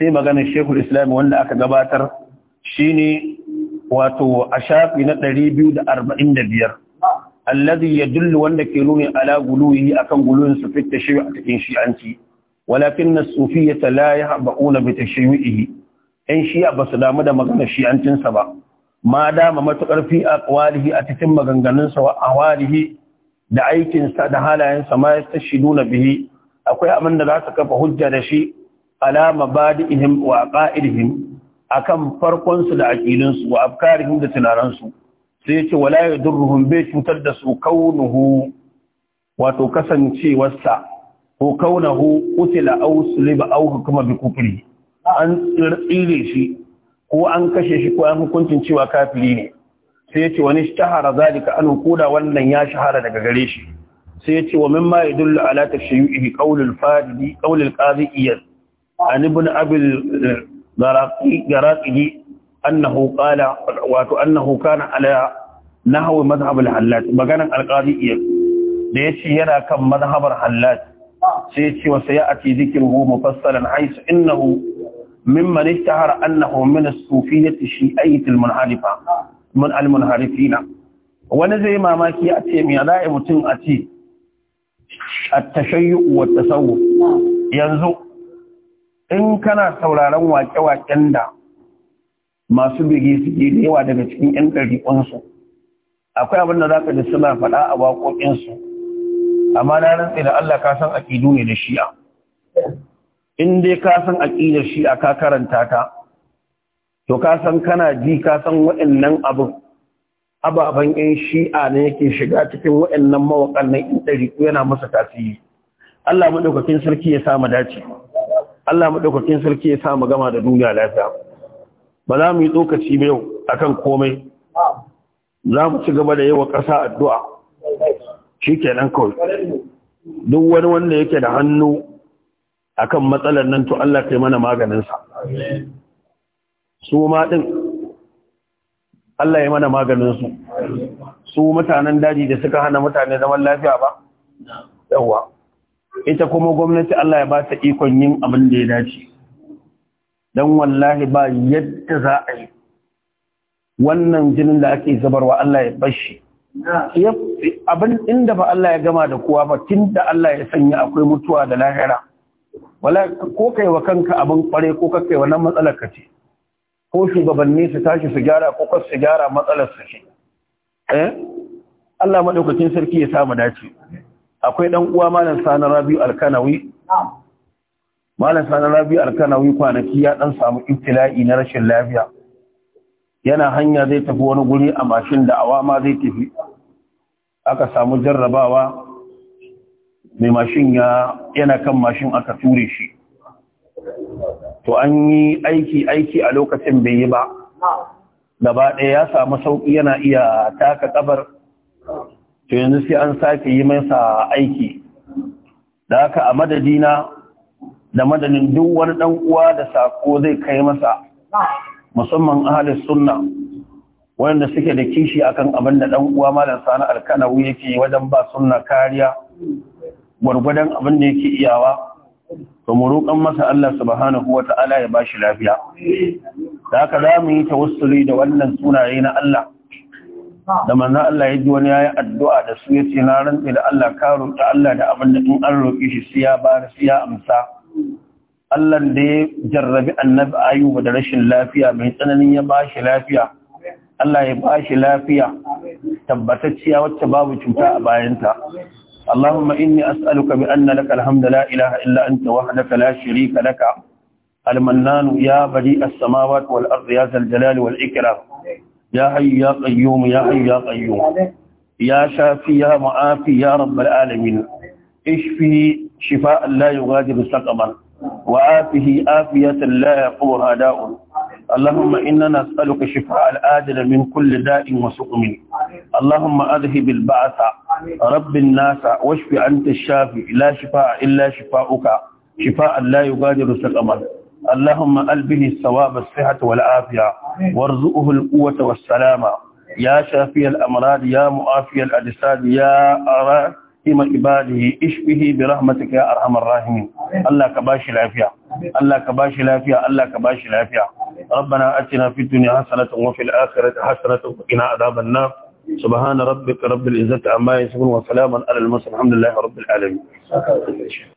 A: sai maganar shaykh al-islam wanda aka gabatar shine wato a shafi na 245 alladhi yadullu wanda ke nuni ala guluhi akan guluhin su fitta shi a cikin shi'anci walakin na sufiya ta laye haɓa'una bai ta ‘yan shi'a ba su damu da maganar shi'ancinsa ba ma dama matuƙar fi a walihi a cikin maganganunsa wa walihi da aikinsa da halayensa ma ya tashidu na bihi akwai abin da za su kafa hujja da shi alama badi'ihim wa qa'idihim a kan farkonsu da aqilinsu wa afkarihim da tunaransu sai yace wala yadurruhum bai cutar da su kaunuhu wato kasancewarsa ko kaunahu qutila aw suliba aw kuma bi kufri an tsire shi ko an kashe shi ko an hukuncin cewa kafiri ne sai yace wani shahara zalika an koda wannan ya shahara daga gare shi sai yace wa mimma yadullu ala tashayyuhi qawlul fadi qawlul qadi iyad an ibn abil garaqi eh, garaqi annahu qala wa to annahu kana ala nahwi madhhab al-hallat maganan al-qadi iyad da yace yana kan madhhabar hallat sai ce wa sayati zikruhu mufassalan haisu innahu mimman ittahara annahu min as-sufiyyati shi'ayyati al-munharifa min al-munharifina wani zai mamaki a ce me za'i mutum a ce A tashayyu wa tasawuf yanzu in kana sauraron waƙe-waƙen da masu bege suke da yawa daga cikin 'yan ɗari'unsu akwai abin da za ka ji suna faɗa a waƙoƙinsu amma na rantse da Allah ka san aqidu ne da shi'a in dai ka san shi'a ka karanta ka to ka san kana ji ka san waɗannan abin ababen yan shi'a ne yake shiga cikin waɗannan mawaƙan nan in ɗari yana masa tasiri Allah maɗaukakin sarki ya sa mu dace Allah maɗaukakin sarki ya sa mu gama da duniya lafiya ba za mu yi tsokaci ba yau akan komai za mu ci gaba da yawa ƙasa addu'a shi kenan kawai duk wani wanda yake da hannu akan matsalar nan to Allah kai mana maganinsa su ma Allah ya mana maganinsu su mutanen daji da suka hana mutane zaman lafiya ba yawa ita kuma gwamnati Allah ya ba ta ikon yin abin da ya dace don wallahi ba yadda za a yi wannan jinin da ake zabarwa Allah ya bashi abin inda ba Allah ya gama da kowa ba tun da Allah ya sanya akwai mutuwa da lahira wala ko kai wa kanka abin kware ko kai wannan matsalar ka ce ko shugabanni su tashi su gyara ko kas su gyara matsalar su ce eh Allah madaukakin sarki ya samu dace akwai dan uwa malam Sani Rabi'u Alkanawi malam Sani Rabi'u Alkanawi kwanaki ya dan samu ibtila'i na rashin lafiya yana hanya zai tafi wani guri a mashin da awa ma zai tafi aka samu jarrabawa mai mashin ya yana kan mashin aka ture shi to an yi aiki aiki a lokacin bai yi ba gaba ɗaya ya samu sauƙi yana iya taka ƙabar to yanzu sai an sake yi masa aiki da haka a madadina da madadin duk wani ɗan uwa da sako zai kai masa musamman ahalin sunna wanda suke da kishi akan abin da dan uwa malam sani alkanawi yake wajen ba sunna kariya gwargwadon abin da yake iyawa to mu roƙan masa Allah subhanahu wata'ala ya bashi lafiya da haka za mu yi tawassuli da wannan sunaye na Allah da manzo Allah ya ji wani yayi addu'a da su yace na rantsi da Allah ka Allah da abin da in an roƙi shi siya ba siya amsa Allah da ya jarrabi annabi ayuba da rashin lafiya mai tsananin ya ba shi lafiya Allah ya ba shi lafiya tabbatacciya wacce babu cuta a bayanta Allahumma inni as'aluka bi anna laka alhamdu la ilaha illa anta wahdaka la sharika laka al-mannan ya bari as-samawati wal ardi ya zal jalali wal ikram ya hayyu ya qayyum ya hayyu ya qayyum ya shafi ya mu'afi ya rabbal alamin ishfi shifaan la yughadiru saqaman وآفه آفية لا يقوها داء اللهم إنا نسألك شفاء الآجل من كل داء وسقم اللهم أذهب البعث رب الناس واشف أنت الشافي لا شفاء إلا شفاؤك شفاء لا يغادر سقما اللهم ألبه الثواب الصحة والعافية وارزقه القوة والسلامة يا شافي الأمراض يا مؤافي الأجساد يا أراد ima ibadihi ishbihi bi rahmatika ya arhamar rahimin Allah ka bashi lafiya Allah ka bashi lafiya Allah ka bashi lafiya ربنا اتنا في الدنيا حسنه وفي الاخره حسنه وقنا عذاب النار سبحان ربك رب العزه عما يصفون وسلام على المرسلين الحمد لله رب العالمين